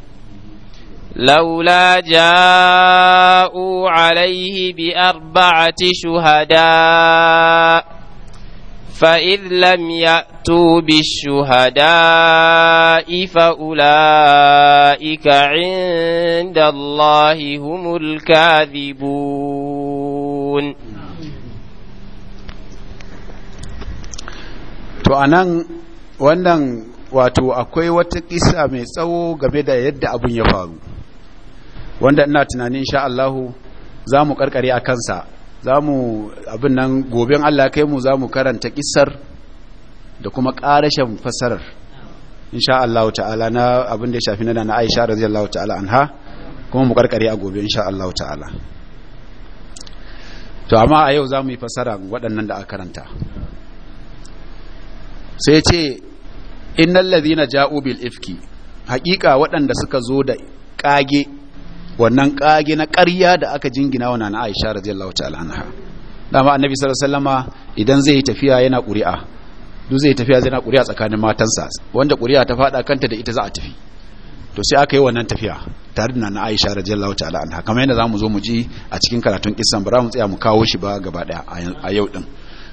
لولا جاءوا عليه بأربعة شهداء فإذ لم يأتوا بالشهداء فأولئك عند الله هم الكاذبون to anan wannan wato akwai wata kisa mai tsawo game da yadda abun ya faru wanda ina tunanin insha Allahu za mu karkare a kansa za mu abin nan goben Allah kai mu za mu karanta kisar da kuma ƙarashen fasarar insha Allahu ta'ala na abin da ya shafi na Aisha radiyallahu ta'ala anha kuma mu karkare a gobe insha Allahu ta'ala to amma a yau za mu yi fasara waɗannan da aka karanta sai ce innal ladhina ja'u bil ifki haƙiƙa waɗanda suka zo da ƙage wannan kage na ƙarya da aka jingina wa nana Aisha radiyallahu ta'ala anha dama annabi sallallahu alaihi wasallama idan zai tafiya yana ƙuri'a duk zai tafiya zai na ƙuri'a tsakanin matansa wanda ƙuri'a ta fada kanta da ita za a tafi to sai aka yi wannan tafiya tare da nana Aisha radiyallahu ta'ala anha kamar yadda zamu zo mu ji a cikin karatun kissan ba za mu tsaya mu kawo shi ba gaba daya a yau din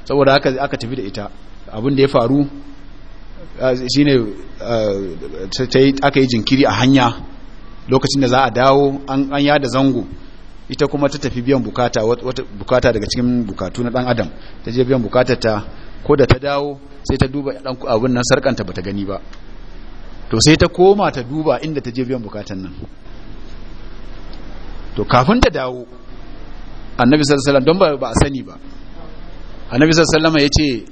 saboda haka aka tafi da ita abin da ya faru shine aka yi jinkiri a hanya lokacin da za a dawo an yada zango ita kuma ta tafi biyan bukata wata bukata daga cikin bukatu na dan adam ta je biyan bukatar ta ko da ta dawo sai ta duba dan abun nan sarkanta bata gani ba to sai ta koma ta duba inda ta je biyan bukatar nan to kafin ta dawo annabi sallallahu alaihi wasallam don ba a sani ba annabi sallallahu alaihi wasallam yace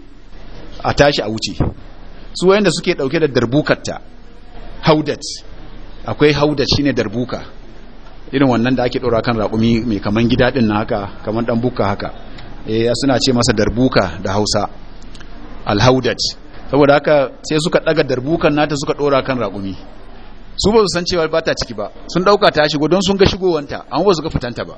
a tashi a wuce su wayanda suke dauke da darbukarta haudat akwai hauda shine darbuka irin wannan da ake dora kan raƙumi mai kaman gida din na haka kaman dan buka haka eh suna ce masa darbuka da Hausa alhaudat saboda haka sai suka daga darbukan nata suka dora kan raƙumi su ba su san cewa ba ta ciki ba sun dauka ta shigo don sun ga shigowanta an ba su ga fitanta ba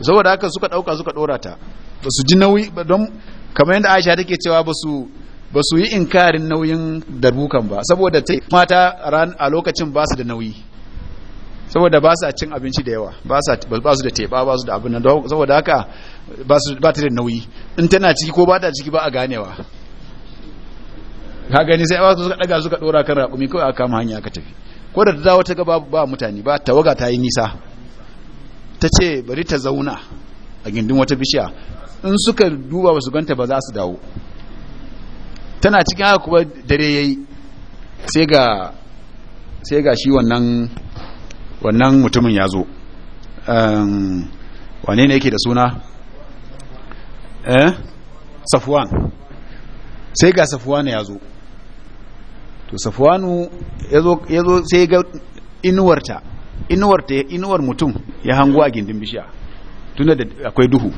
saboda haka suka dauka suka dora ta ba su ji nauyi don kamar yadda Aisha take cewa ba su ba su yi inkarin nauyin darbukan ba saboda ta mata ran a lokacin ba su da nauyi saboda ba su a cin abinci da yawa ba su da teba ba su da abin nan saboda haka ba ta da nauyi in tana ciki ko ba ta ciki ba a ganewa ka gani sai ba su suka daga suka dora kan raƙumi kawai a kama hanya aka tafi ko da ta dawo ta ga ba mutane ba tawaga ta yi nisa ta ce bari ta zauna a gindin wata bishiya in suka duba ba su ganta ba za su dawo tana cikin haka kuma dare yayi sai ga sai ga shi wannan wannan mutumin ya zo um, wane ne yake da suna eh safuwan sai ga safuwan ya zo to safuwanu ya zo sai ga inuwarta inuwarta inuwar mutum ya hango a gindin bishiya tunda da akwai duhu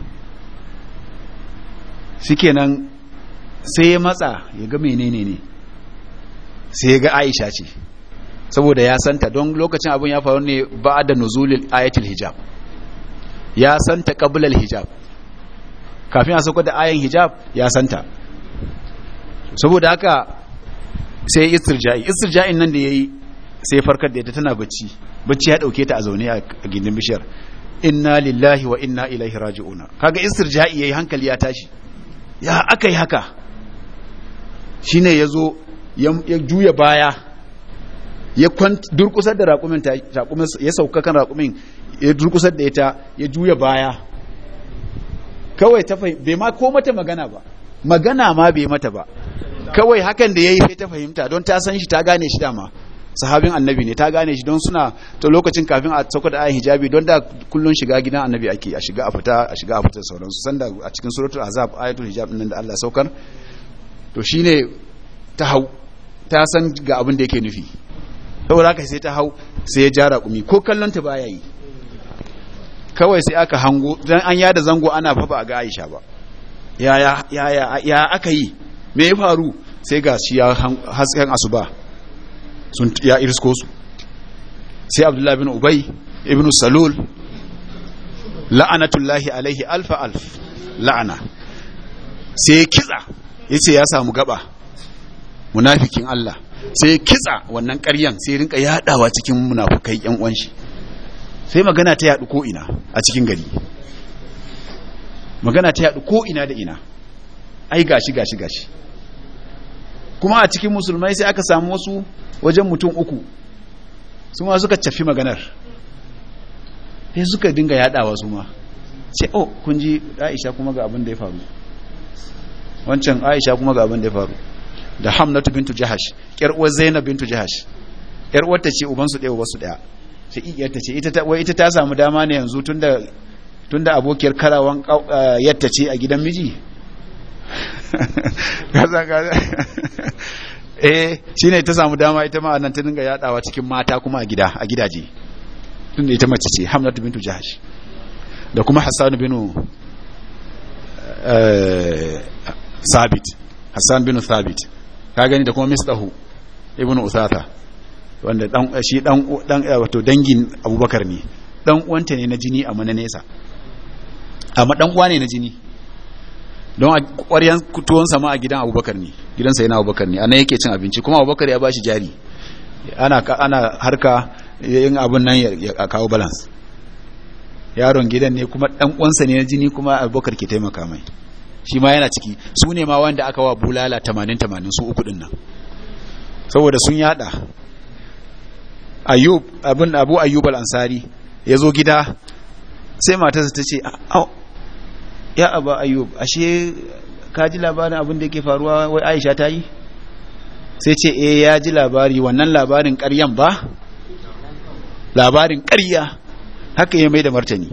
shikenan sai ya matsa ya ga menene ne sai ya ga aisha ce saboda ya santa don lokacin abin ya faru ne ba da nuzulil ayatul hijab ya santa qablal hijab kafin a sauka da ayan hijab ya santa saboda haka sai istirja'i istirja'in nan da yayi sai farkar da ita tana bacci bacci ya dauke ta a zaune a gindin bishiyar inna lillahi wa inna ilaihi raji'una kaga istirja'i yayi hankali ya tashi ya yi haka shine ya zo ya juya baya ya durkusar da raƙumin ya sauka kan raƙumin ya durkusar da ita ya juya baya kawai ta fahimta bai ma ko mata magana ba magana ma bai mata ba kawai hakan da ya yi sai ta fahimta don ta san shi ta gane shi dama sahabin annabi ne ta gane shi don suna ta lokacin kafin a sauka da ayin hijabi don da kullun shiga gidan annabi ake a shiga a fita a shiga a fita sauransu sanda a cikin suratul azab ayatul hijab nan da Allah saukar to shi ne ta hau ta san ga abin da yake nufi da aka sai ta hau sai ya jara kumi ko kallon ta baya yi kawai sai aka hango don an yada zango ana fa ba ga Aisha ba ya ya ya aka yi me ya faru sai ga shi ya hasken asuba sun ya isko su sai Abdullahi bin ubai ibn Salul la'anatullahi alaihi alfa alf la'ana sai ya kitsa yace ya samu gaba munafikin Allah sai kitsa wannan ƙaryan sai rinka yadawa cikin munafukai ƴan uwan shi sai magana ta yadu ko ina a cikin gari magana ta yadu ko ina da ina ai gashi gashi gashi kuma a cikin musulmai sai aka samu wasu wajen mutum uku su ma suka cafi maganar sai suka dinga yadawa su ma sai oh kun ji Aisha kuma ga abin da ya faru wancan aisha kuma ga abin da ya faru da hamnatu bintu jahash yar uwar zainab bintu jahash yar uwar ta ce uban su ɗaya wasu ɗaya sai iyar ta ce ita ta ita ta samu dama ne yanzu tunda tunda abokiyar karawan yatta ce a gidan miji gaza gaza eh shine ta samu dama ita ma annan ta dinga yadawa cikin mata kuma a gida a gidaje tunda ita mace ce hamnatu bintu jahash da kuma hassan binu eh, sabit hassan bin sabit ka gani da kuma misdahu ibn usatha wanda dan shi dan dan eh, wato dangin abubakar ne dan uwanta ne na jini amma na nesa amma dan uwa ne na jini don a ƙwaryan tuwon sama a gidan abubakar ne gidansa yana abubakar ne ana yake cin abinci kuma abubakar ya bashi jari ana ana harka yin abun nan ya kawo balance yaron gidan ne kuma dan uwansa ne na jini kuma abubakar ke taimaka mai shi ma yana ciki su ne ma wanda aka wa bulala 80-80 su uku din saboda sun yada ayub abin abu ayyubal ansari ya zo gida sai matarsa ta ce ya abu ayyub ashe ka ji labarin abin da yake faruwa wai aisha ta yi sai ce eh ya ji labari wannan labarin ƙaryan ba labarin ƙarya haka ya mai da martani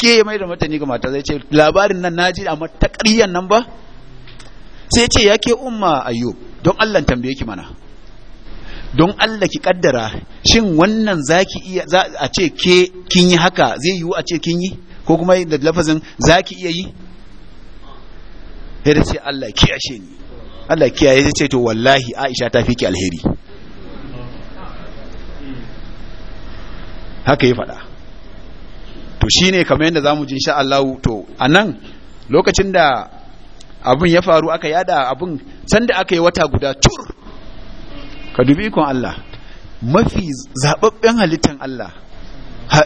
ke mai da mutane ga mata zai ce labarin nan ji amma ta ƙaryan nan ba sai ce ya ke umma ayyub don Allah tambaye ki mana don Allah ki kaddara shin wannan za ki iya za a ce ke kin yi haka zai yiwu a ce kin yi ko kuma da lafazin ki iya yi sai ce Allah kiyashe ni Allah kiyaye sai ce to wallahi Aisha ta fi ki alheri haka ya faɗa to shi ne kamar yadda za ji insha Allah to a nan lokacin da abin ya faru aka yada abun sanda aka yi wata guda tur ka dubi ikon Allah mafi zababben halittar Allah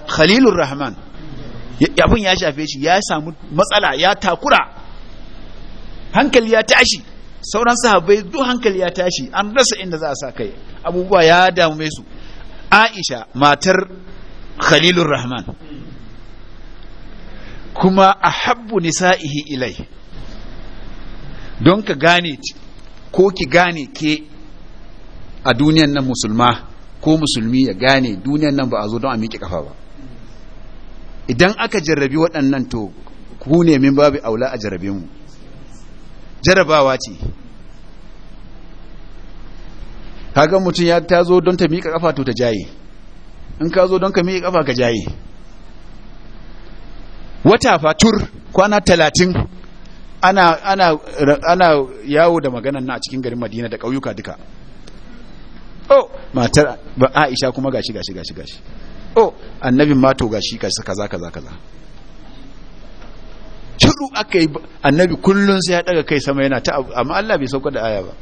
Khalilur Rahman abin ya shafe shi ya samu matsala ya takura hankali ya tashi sauran sahabbai duk hankali ya tashi an rasa inda za a sa kai abubuwa ya damu su Aisha matar Khalilur Rahman kuma a ahabbu nisa'ihi ilai don ka gane ko ki gane ke a duniyan nan musulma ko musulmi ya gane duniyan nan ba a zo don a miƙe kafa ba idan aka jarrabi waɗannan to ku ne min babu aula a jarrabe mu jarrabawa ce kaga mutum ya ta zo don ta miƙa kafa to ta jaye in ka zo don ka miƙa kafa ka jaye wata fatur kwana talatin ana, ana, ana yawo da maganan na a cikin garin madina da ƙauyuka duka oh matar ba aisha kuma gashi gashi gashi gashi oh annabin mato gashi gashi kaza kaza kaza shiru aka yi annabi kullum sai ya daga kai sama yana ta amma Allah bai sauka da aya ba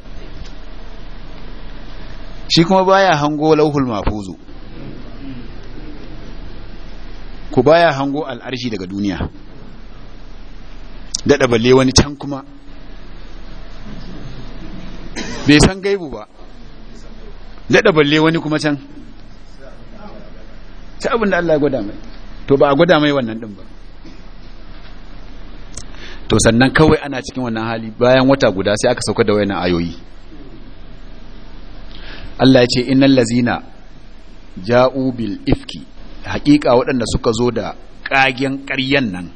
shi kuma baya hango lauhul mafuzu ku baya hango al'arshi daga duniya daɗa balle wani can kuma bai san gaibu ba daɗa balle wani kuma can ta abin da Allah ya gwada mai to ba a gwada mai wannan ɗin ba to sannan kawai ana cikin wannan hali bayan wata guda sai aka sauka da wayannan ayoyi Allah ya ce innal lazina ja'u bil ifki haƙiƙa waɗanda suka zo da ƙagen ƙaryen nan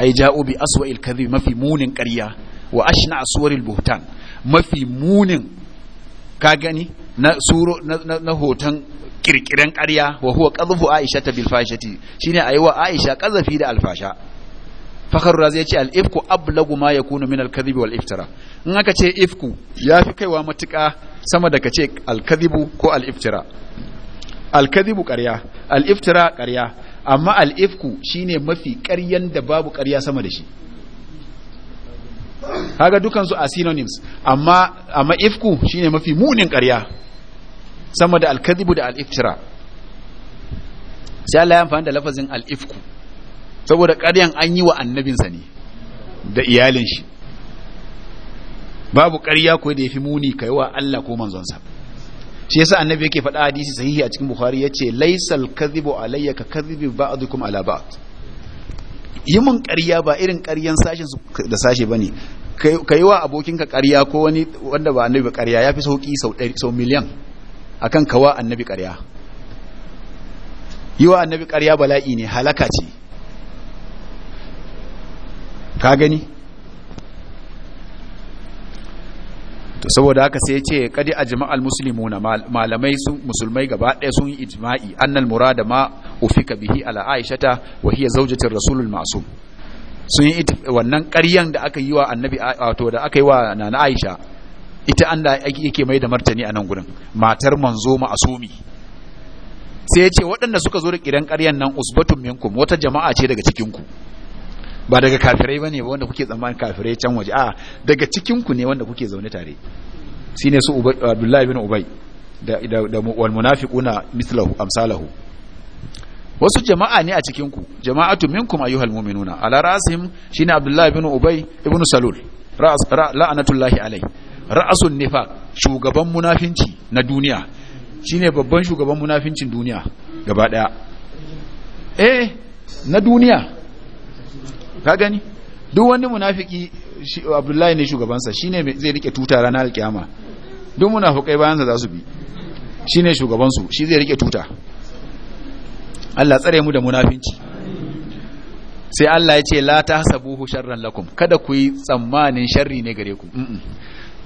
ai ja'u bi aswa'il kadhib mafi munin ƙarya wa ashna aswaril buhtan mafi munin ka gani na suro na, hoton kirkiren ƙarya wa huwa qadhfu aisha ta bil fashati shine ayi wa aisha qazafi da alfasha fakhar razi yace al ifku ablagu ma yakunu min al kadhib wal in aka ce ifku yafi kaiwa matuƙa sama da kace al kadhibu ko al iftira alkadibu ƙarya al'iftira ƙarya amma al'ifku shine mafi ƙaryan da babu ƙarya sama da shi haga dukansu a synonyms amma amma ifku shine mafi munin ƙarya sama da alkadibu da al'iftira sai Allah ya amfani da lafazin al'ifku saboda ƙaryan an yi wa annabinsa ne da iyalin shi babu ƙarya ko da ya fi muni kai wa Allah ko manzonsa shi yasa annabi yake faɗa hadisi sahihi a cikin bukhari yace laysal kadhibu alayya ka kadhibi ba'dukum ala ba'd yi mun ƙarya ba irin ƙaryan sashin da sashe bane kai wa abokinka ƙarya ko wani wanda ba annabi ƙarya yafi sauki sau sau miliyan akan kawa annabi ƙarya yi wa annabi ƙarya bala'i ne halaka ce ka gani to saboda haka sai ya ce kadi ajma'al muslimuna malamai su musulmai gaba ɗaya sun yi ijma'i annal murada ma ufika bihi ala aishata wa hiya zawjatir rasulul ma'sum sun yi wannan ƙaryan da aka yi wa annabi wato da aka yi wa nana aisha ita Allah yake mai da martani a nan gurin matar manzo ma'asumi sai ya ce waɗanda suka zo da kiran ƙaryan nan usbatun minkum wata jama'a ce daga cikin ku ba daga kafirai bane ba wanda kuke tsamman kafirai can waje a daga cikin ku ne wanda kuke zaune tare shine su Abdullahi bin Ubay da da wal munafiquna mislahu amsalahu wasu jama'a ne a cikin ku jama'atu minkum ayyuhal mu'minuna ala rasihim shine Abdullahi bin Ubay ibn Salul ra'as la'anatullahi alai ra'asun nifaq shugaban munafinci na duniya shine babban shugaban munafincin duniya gaba daya eh na duniya ka gani duk wani munafiki abdullahi ne shugabansa shi ne zai rike tuta ranar alkiyama duk munafukai bayansa za su bi shi ne shugabansu shi zai rike tuta Allah tsare mu da munafinci sai Allah ya ce la buhu sharran lakum kada ku yi tsammanin sharri ne gare ku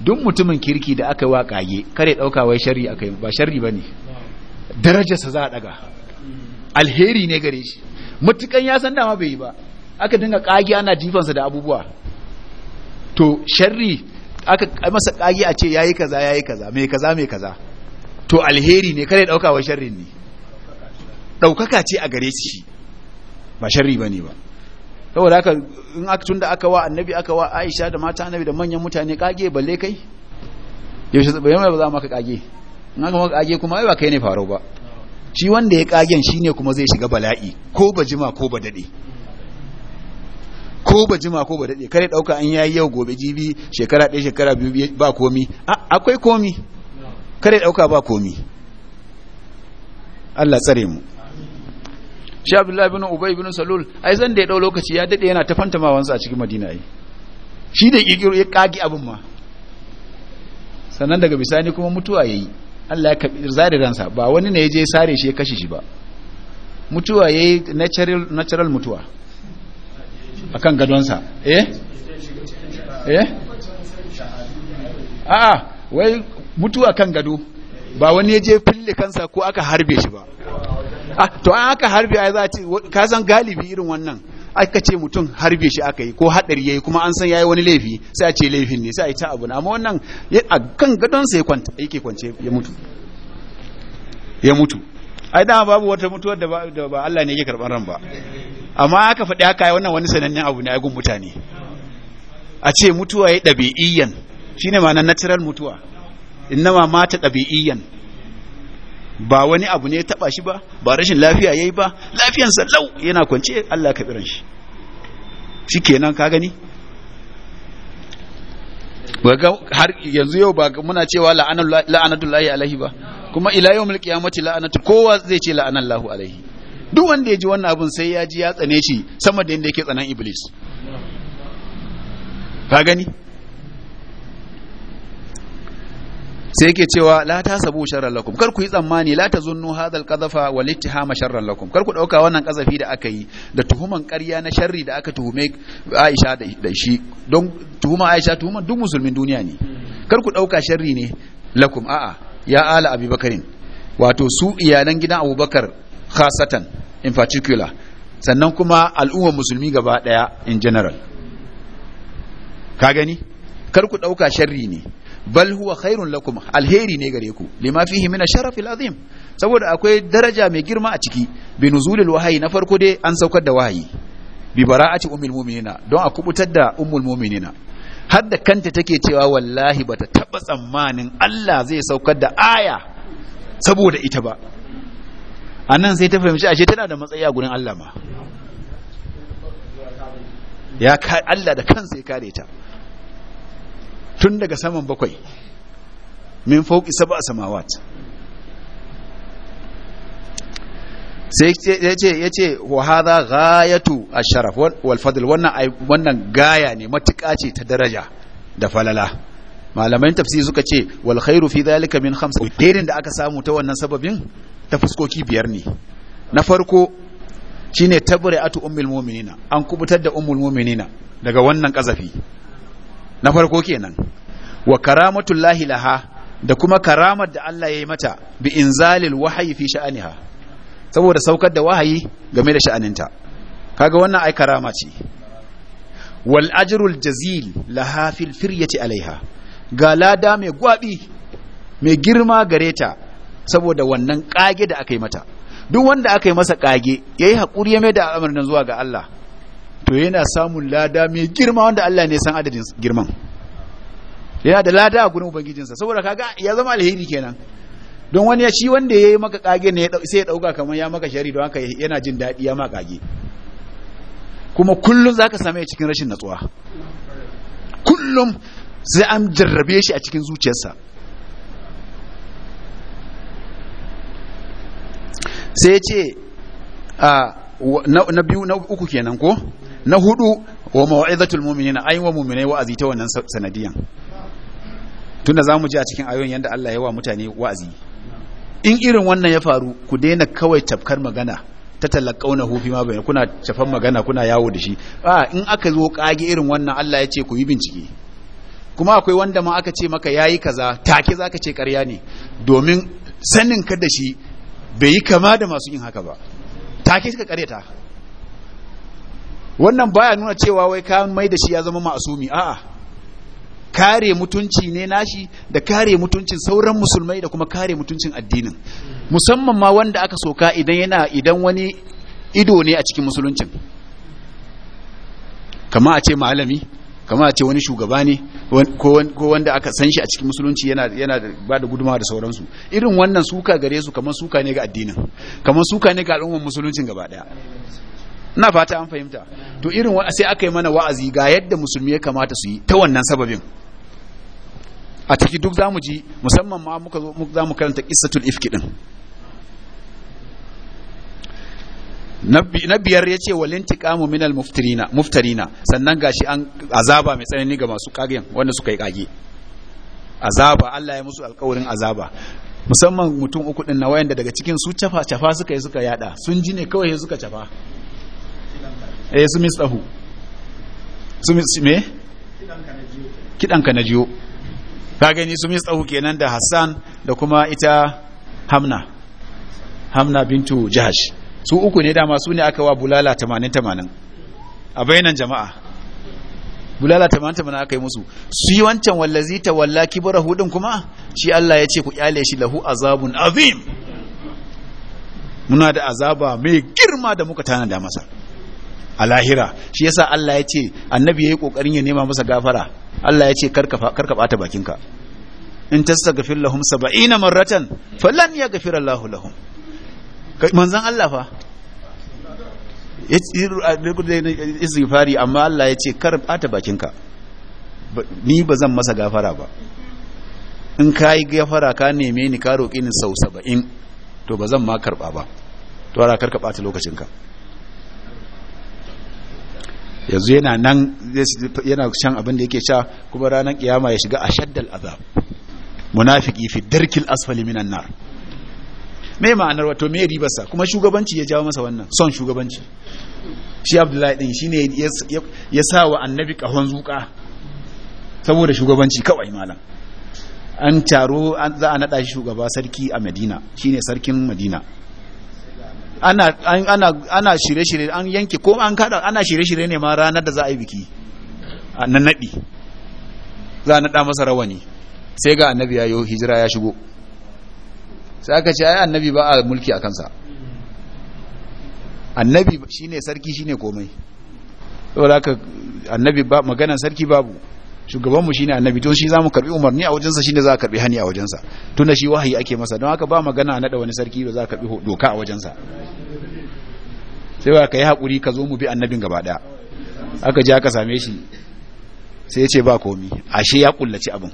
duk mutumin kirki da aka wa kage kare dauka wai sharri yi ba sharri bane darajarsa za a daga alheri ne gare shi mutukan ya san dama bai yi ba aka dinga kage ana jifansa da abubuwa to sharri aka masa kage a ce yayi kaza yayi kaza mai kaza mai kaza to alheri ne kare dauka wa sharrin ne daukaka ce a gare shi ba sharri bane ba saboda haka in aka tunda aka wa annabi aka wa Aisha da mata annabi da manyan mutane kage balle kai yaushe bayan ba za maka kage in aka maka kage kuma ai ba kai ne faro ba shi wanda ya kagen shine kuma zai shiga bala'i ko ba jima ko ba ko ba jima ko ba daɗe kare ɗauka an yayi yau gobe jibi shekara ɗaya shekara biyu ba komi akwai komi kare ɗauka ba komi Allah tsare mu shi abdullahi bin ubay bin salul ai zan da ya ɗau lokaci ya daɗe yana ta fantamawansa a cikin madina ai shi da kikiro ya ƙagi abin ma sannan daga bisani kuma mutuwa ya yi Allah ya kaɓi zari ransa ba wani ne ya je sare shi ya kashe shi ba mutuwa ya yi natural mutuwa akan gadonsa eh eh a'a wai mutuwa kan gado ba wani ya je fille kansa ko aka harbe shi ba ah, to an aka harbe ai za ce ka san galibi irin wannan aka ce mutum harbe shi aka yi ko hadari yayi kuma an san yayi wani laifi sai a ce laifin ne sai a yi ta abu amma wannan a kan gadon sai kwanta yake kwance ya mutu ya mutu ai dama babu wata mutuwar da ba Allah ne yake karban ran ba amma aka faɗi haka wannan wani sanannen abu ne a mutane a ce mutuwa ya ɗabi'iyyan ne ma natural mutuwa innama mata ɗabi'iyyan ba wani abu ne ya taɓa shi ba ba rashin lafiya ya yi ba Lafiyan sallau, yana kwance Allah ka biran shi shi kenan ka gani har yanzu yau ba muna cewa la'anatullahi alaihi ba kuma ila yawmul mace la'anatu kowa zai ce la'anallahu alaihi duk wanda ya ji wannan abin sai ya ji ya tsane shi sama da yadda yake tsanan iblis ka gani sai yake cewa la ta sabu sharar lakum kar ku yi tsammani la ta zunnu hadal kadafa wal ittihama sharar lakum kar ku dauka wannan kazafi da aka yi da tuhuman ƙarya na sharri da aka tuhume Aisha da shi don tuhuma Aisha tuhuma duk musulmin duniya ne kar ku dauka sharri ne lakum a'a ya ala abubakarin wato su iyalan gidan abubakar khasatan in particular sannan kuma al'ummar musulmi gaba daya in general ka gani kar ku dauka sharri ne bal huwa khairun lakum alheri ne gare ku lima fihi min asharaf alazim saboda akwai daraja mai girma a ciki bi nuzulil wahayi na farko dai an saukar da wahayi bi bara'ati ummul mu'minina don a kubutar da ummul mu'minina har da kanta take cewa wallahi bata taba tsammanin Allah zai saukar da aya saboda ita ba annan sai ta fahimci ashe tana da matsayi a gurin Allah ma ya ka Allah da kansa ya kare ta tun daga saman bakwai min fauki saba samawat sai yace yace wa hadha ghayatu asharaf wal fadl wannan wannan gaya ne matuƙa ce ta daraja da falala Malamai tafsiri suka ce wal khairu fi zalika min khams Dairin da aka samu ta wannan sababin ta fuskoki biyar ne na farko shine tabri'atu ummul mu'minina an kubutar da ummul mu'minina daga wannan kazafi na farko kenan wa karamatullahi laha da kuma karamar da Allah ya yi mata bi inzalil wahayi fi sha'aniha saboda saukar da wahayi game da sha'aninta kaga wannan ai karama ce wal ajrul jazil laha fil firyati alaiha ga lada mai gwabi mai girma gare ta saboda wannan kage da aka yi mata duk wanda aka yi masa kage yayi hakuri ya mai da al'amarin zuwa ga Allah to yana samun lada mai girma wanda Allah ne san adadin girman yana da lada a gurin ubangijinsa saboda kaga ya zama alheri kenan don wani ya shi wanda ya yi maka kage ne sai ya dauka kamar ya maka shari don haka yana jin daɗi ya ma kage kuma kullum zaka same cikin rashin natsuwa kullum sai an jarrabe shi a cikin zuciyarsa sai ce na biyu na uku kenan ko na hudu wa mawa'izatul mu'minina ayi wa mu'minai wa'azi ta wannan sanadiyan tunda zamu ji a cikin ayoyin yanda Allah ya wa mutane wa'azi in irin wannan ya faru ku daina kawai tafkar magana ta talakauna hufi ma bayan kuna cafan magana kuna yawo da shi a in aka zo kage irin wannan Allah ya ce ku yi bincike kuma akwai wanda ma aka ce maka yayi kaza take zaka ce ƙarya ne domin sanin ka da shi bai yi kama da masu yin haka ba take suka ƙaryata wannan baya nuna cewa wai ka mai da shi ya zama ma'asumi a'a kare mutunci ne nashi da kare mutuncin sauran musulmai da kuma kare mutuncin addinin musamman ma wanda aka soka idan yana idan wani ido ne a cikin musuluncin kama a ce malami kamar a ce wani shugaba ne ko wanda aka san shi a cikin musulunci yana ba da gudumawa da sauransu irin wannan suka gare su kamar suka ne ga addinin kamar suka ne ga al'ummar musuluncin gaba daya ina fata an fahimta to irin sai aka yi mana wa'azi ga yadda musulmi ya kamata su yi ta wannan sababin a ciki duk zamu ji musamman ma muka zo karanta qissatul ifki din na biyar ya ce walintiqamu minal muftarina sannan gashi an azaba mai tsanani ga masu kagen wanda suka yi kage azaba Allah ya musu alƙawarin azaba musamman mutum uku din na wayanda daga cikin su cafa cafa suka yi suka yada sun ji ne kawai suka cafa eh su misahu su mis me kidanka na jiyo ka gani su misahu kenan da Hassan da kuma ita Hamna Hamna bintu Jahash su uku ne dama su ne aka wa bulala tamanin tamanin a bainan jama'a bulala tamanin tamanin aka yi musu su yi wancan wallazi ta walla kibar hudun kuma shi Allah ya ce ku kyale shi lahu azabun azim muna da azaba mai girma da muka tana da masa a lahira shi yasa Allah ya ce annabi ya yi kokarin ya nema masa gafara Allah ya ce karka ka bata bakinka in tastaghfir lahum saba'ina marratan falan yaghfir Allahu lahum manzan Allah fa istighfari amma Allah ya ce kar bata bakinka ni ba zan masa gafara ba in ka yi gafara ka neme ni ka roƙi ni sau saba'in to ba zan ma karɓa ba to ara karka ɓata lokacinka yanzu yana nan yana shan abin da yake sha kuma ranar kiyama ya shiga a shaddal azab munafiki fi darkil asfali minan nar me ma'anar wato me ribarsa kuma shugabanci ya jawo masa wannan son shugabanci shi abdullahi din shine ya sa wa annabi kahon zuka saboda shugabanci kawai malam an taro za a naɗa shi shugaba sarki a madina shine sarkin madina ana shirye-shirye an yanke ko an kada ana shirye-shirye ne ma ranar da za a yi biki a nan za a naɗa masa rawani sai ga annabi ya yi hijira ya shigo sai aka ce ai annabi ba a mulki a kansa annabi shine sarki shine komai saboda ka annabi ba maganan sarki babu shugabanmu shine annabi to shi zamu karbi umarni a wajensa shine za a karbi hani a wajensa tunda shi wahayi ake masa don haka ba magana naɗa wani sarki da za a karbi doka a wajensa sai wa kai hakuri ka zo mu bi annabin gaba daya aka ji aka same shi sai ya ce ba komi ashe ya ƙullaci abin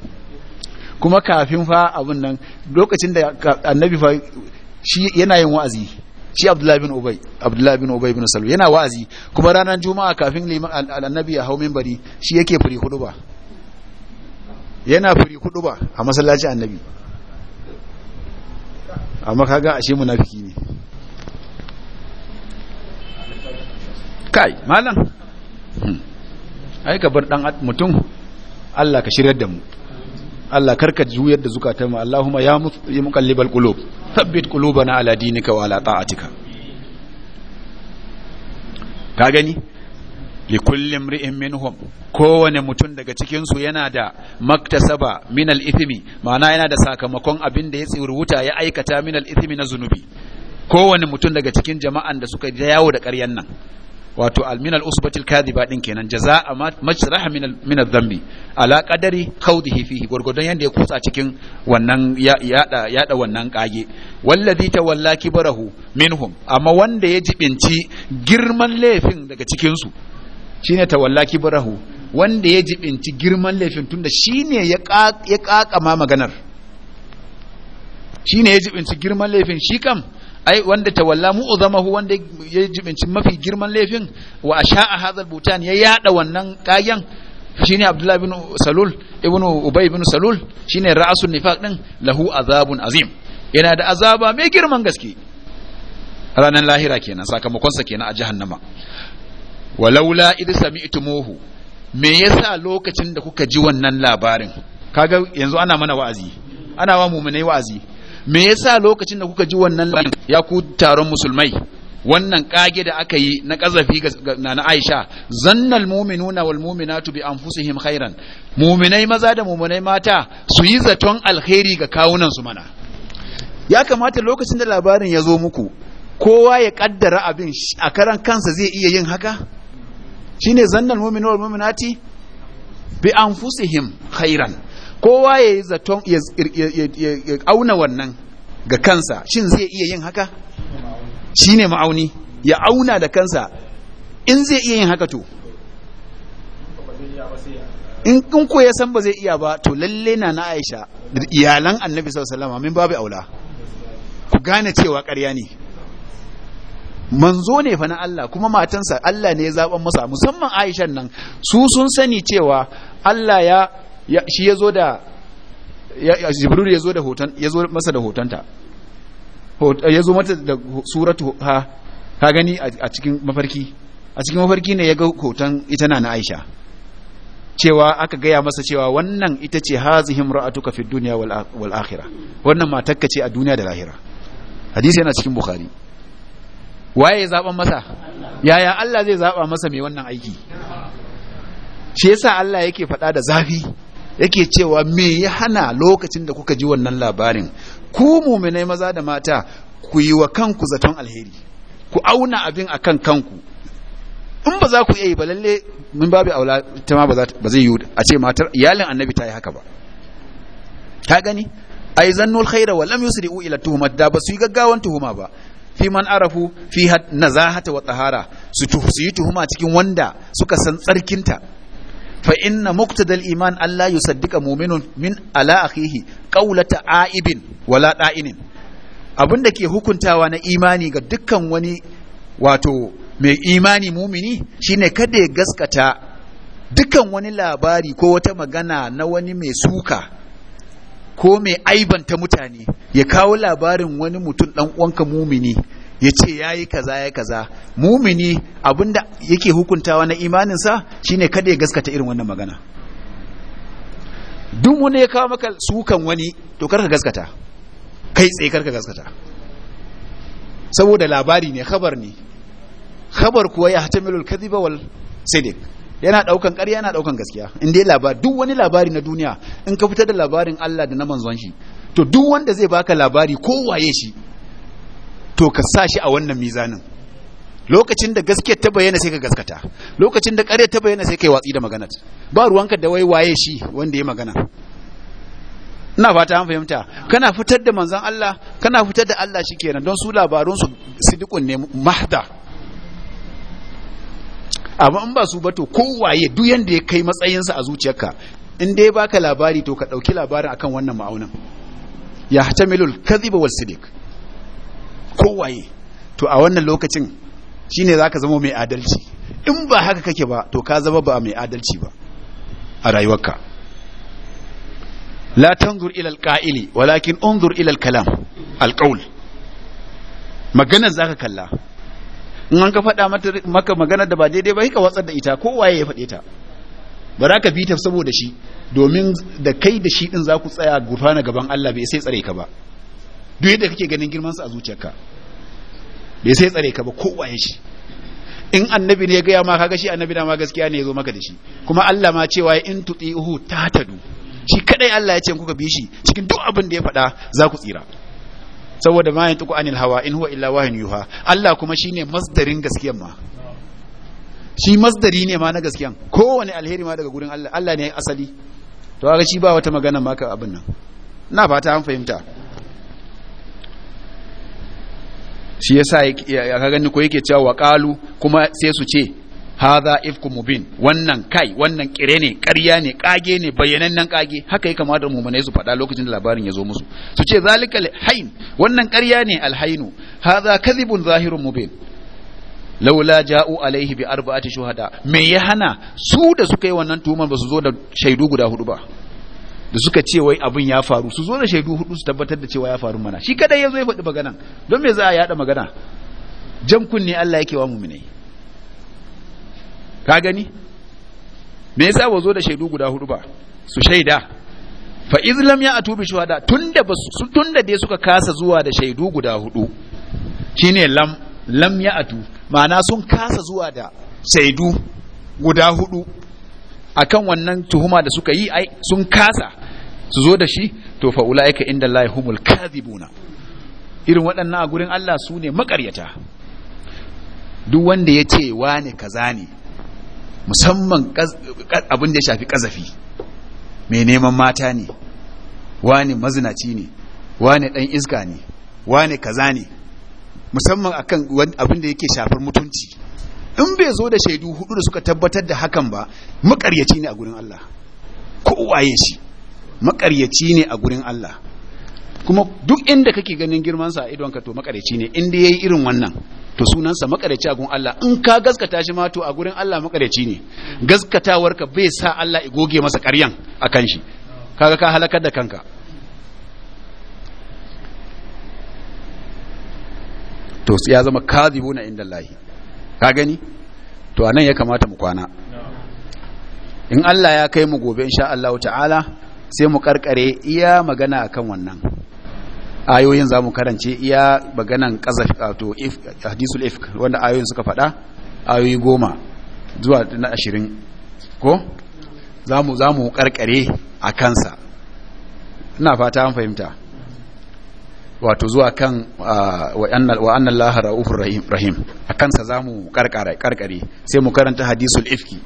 kuma kafin fa abin nan lokacin da annabi fa shi yana yin wa'azi shi abdullahi bin ubay abdullahi bin ubay bin salu yana wa'azi kuma ranar juma'a kafin liman annabi ya hau minbari shi yake firi ba yana firi ba a masallaci annabi amma kaga ashe munafiki ne kai malam hmm. ai ka bar dan mutum Allah ka shiryar da mu Allah karka juyar da mu Allahumma ya muqallibal qulub thabbit qulubana ala dinika wa ala ta'atika ka gani kulli imri'in minhum kowane mutum daga cikin su yana da maktasaba min al-ithmi ma'ana yana da sakamakon abin da ya wuta ya aikata min al-ithmi na zunubi kowane mutum daga cikin jama'an da suka yawo da ƙaryan nan wato almin al-usbatil din kenan jaza'a majraha min min adh-dhanbi ala qadari khawdihi fihi gurgudan yanda ya kutsa cikin wannan yada yada wannan kage wallazi tawalla kibarahu minhum amma wanda ya jibinci girman laifin daga cikin su shine tawalla kibarahu wanda ya jibinci girman laifin tunda shine ya ya kakama maganar shine ya jibinci girman laifin shi kam ai wanda tawalla hu, wanda ya jibinci mafi girman laifin wa asha'a hadha butan ya yada wannan kayan shine Abdullah bin Salul ibn Ubay bin Salul shine ra'asun nifaq din lahu azabun azim yana da azaba mai girman gaske Ranan lahira kenan sakamakon sa kenan a jahannama walaula id sami'tumuhu me yasa lokacin da kuka ji wannan labarin kaga yanzu ana mana wa'azi ana wa mu'minai wa'azi me yasa lokacin da kuka ji wannan ya ku taron musulmai wannan kage da aka yi na kazafi na na Aisha zannal mu'minuna wal mu'minatu bi anfusihim khairan mu'minai maza da mu'minai mata su yi zaton alkhairi ga kawunan su mana ya kamata lokacin da labarin ya zo muku kowa ya kaddara abin a karan kansa zai iya yin haka shine zannal mu'minuna wal mu'minati bi anfusihim khairan kowa ya yi zaton ya auna wannan ga kansa shin zai iya yin haka shi ne ma'auni ya auna da kansa in zai iya yin haka to in ko ya san ba zai iya ba to lalle na na aisha da iyalan annabi sallama min babu aula ku gane cewa karya ne manzo ne fa na Allah kuma matansa Allah ne ya zaɓa masa musamman aishan nan su sun sani cewa Allah ya shi ya zo da jibril ya zo da hoton ya zo masa da hotonta ya zo mata da suratu ha ka gani a cikin mafarki a cikin mafarki ne ya ga hoton ita na na aisha cewa aka gaya masa cewa wannan ita ce hazihim ra'atuka fi dunya wal akhirah wannan matakka ce a duniya da lahira hadisi yana cikin bukhari waye zaban masa yaya Allah zai zaba masa mai wannan aiki shi yasa Allah yake faɗa da zafi yake cewa me ya hana lokacin da kuka ji wannan labarin ku muminai maza da mata ku yi wa kanku zaton alheri ku auna abin akan kanku in ba za ku iya yi ba lalle min babu aula ta ma ba zai yi a ce matar iyalin annabi ta yi haka ba Ta gani ai zannul khaira wa lam yusri'u ila tuhumat da ba su yi gaggawan tuhuma ba fi man arafu fi nazahata wa tsahara su yi tuhuma cikin wanda suka san tsarkinta fa inna al iman Allah yusaddiqa mu'minun min ala akhihi qawlata aibin wala da'inin abinda ke hukuntawa na imani ga dukkan wani wato mai imani mumini shine kada ya gaskata dukkan wani labari ko wata magana na wani mai suka ko mai aibanta mutane ya kawo labarin wani mutum dan uwanka mumini ya ce ya yi kaza ya kaza mumini abinda yake hukuntawa na imaninsa shine kada ya gaskata irin wannan magana duk wani ya kawo maka sukan wani to karka gaskata kai tsaye karka gaskata saboda labari ne khabar ne khabar kuwa ya hatamilul kadhiba wal sidiq yana daukan ƙarya yana daukan gaskiya in dai labari duk wani labari na duniya in ka fitar da labarin Allah da na manzon shi to duk wanda zai baka labari ko waye shi to ka sa shi a wannan mizanin lokacin da gaskiya ta bayyana sai ka gaskata lokacin da ƙarya ta bayyana sai ka yi watsi da maganar ba ruwanka da wai waye shi wanda ya magana ina fata an fahimta kana fitar da manzon Allah kana fitar da Allah shikenan don su labarun su sidiqun ne mahda amma in ba su ba to kowaye duk yanda ya kai matsayin sa a zuciyarka in dai baka labari to ka dauki labarin akan wannan ma'aunin ya hatamilul kadhiba wal sidiq kowaye to a wannan lokacin shi ne za ka zama mai adalci in ba haka kake ba to ka zama ba mai adalci ba a rayuwarka la tanzur ilal alqa'ili walakin unzur ilal kalam alqaul maganar za ka kalla in an ka faɗa maka maganar da ba daidai ba hika watsar da ita ko ya faɗe ta ba za ka bi ta saboda shi domin da kai da shi din za ku tsaya gurfana gaban Allah bai sai tsare ka ba duk yadda kake ganin girman sa a zuciyarka bai sai tsare ka ba ko waye shi in annabi ne ya gaya ma kaga shi annabi da ma gaskiya ne ya zo maka da shi kuma Allah ma cewa in tuti'uhu tatadu shi kadai Allah ya ce kuka bi shi cikin duk abin da ya faɗa za ku tsira saboda ma yantuku anil hawa in huwa illa wahin yuha Allah kuma shine masdarin gaskiyan ma shi masdari ne ma na gaskiyan kowane alheri ma daga gurin Allah Allah ne asali to kaga shi ba wata magana maka abin nan na fata an fahimta shi yasa ya gani ko yake cewa waqalu kuma sai su ce hadha ifkum mubin wannan kai wannan kire ne ƙarya ne kage ne bayyanannen kage haka ya kamata mu'minai su faɗa lokacin da labarin ya zo musu su ce zalikal hain wannan ƙarya ne alhainu hadha kadhibun zahirun mubin laula ja'u alaihi bi arba'ati shuhada me ya hana su da suka yi wannan tuhumar ba su zo da shaidu guda hudu ba da suka ce wai abin ya faru su zo da shaidu hudu su tabbatar da cewa ya faru mana shi kadai ya zo ya faɗi maganan don me za a yaɗa magana jan kunne Allah yake wa muminai ka gani me yasa ba zo da shaidu guda hudu ba su shaida fa iz lam ya'tu bi shuhada tunda ba su tunda dai suka kasa zuwa da shaidu guda hudu shine lam lam atu ma'ana sun kasa zuwa da shaidu guda hudu akan wannan tuhuma da suka yi ai sun kasa su zo da shi to fa ulaika inda Allah humul kadhibuna irin waɗannan a gurin Allah su ne makaryata duk wanda ya ce wane kaza ne musamman abin da ya shafi kazafi mai neman mata ne wane mazinaci ne wane ɗan iska ne wane kaza ne musamman akan abin da yake shafar mutunci in bai zo da shaidu hudu da suka tabbatar da hakan ba makaryaci ne a gurin Allah waye shi makaryaci ne a gurin Allah kuma duk inda kake ganin girman sa idon ka to makaryaci ne inda yayi irin wannan to sunansa makaryaci a gurin Allah in ka gaskata shi ma to a gurin Allah makaryaci ne gaskatawar ka bai sa Allah ya goge masa ƙaryan akan shi kaga ka halakar da kanka to ya zama kadhibuna inda Allah ka gani to anan ya kamata mu kwana in Allah ya kai mu gobe insha Allah ta'ala sai mu karkare iya magana akan wannan ayoyin za mu karance iya maganan kazaf to if hadisul ifk wanda ayoyin suka faɗa ayoyi goma zuwa na ashirin ko za mu karkare a kansa ina fata an fahimta wato zuwa kan wa annan lahar ra'ufur rahim a kansa za mu karkare sai mu karanta hadisul ifki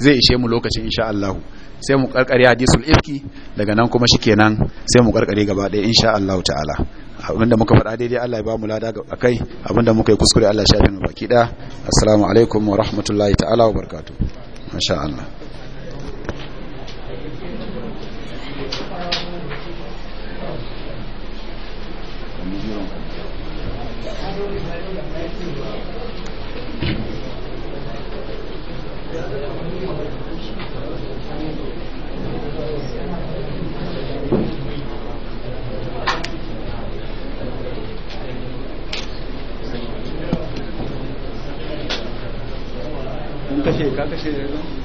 zai ishe mu lokacin insha Allah sai mu karkare hadisul ifki daga nan kuma shikenan sai mu karkare gaba ɗaya insha Allah ta'ala abinda muka faɗa daidai Allah ya ba mu lada ga akai abinda muka yi kuskure Allah ya shafe mu baki ɗaya assalamu alaikum wa rahmatullahi ta'ala wa barakatuh masha Allah de no?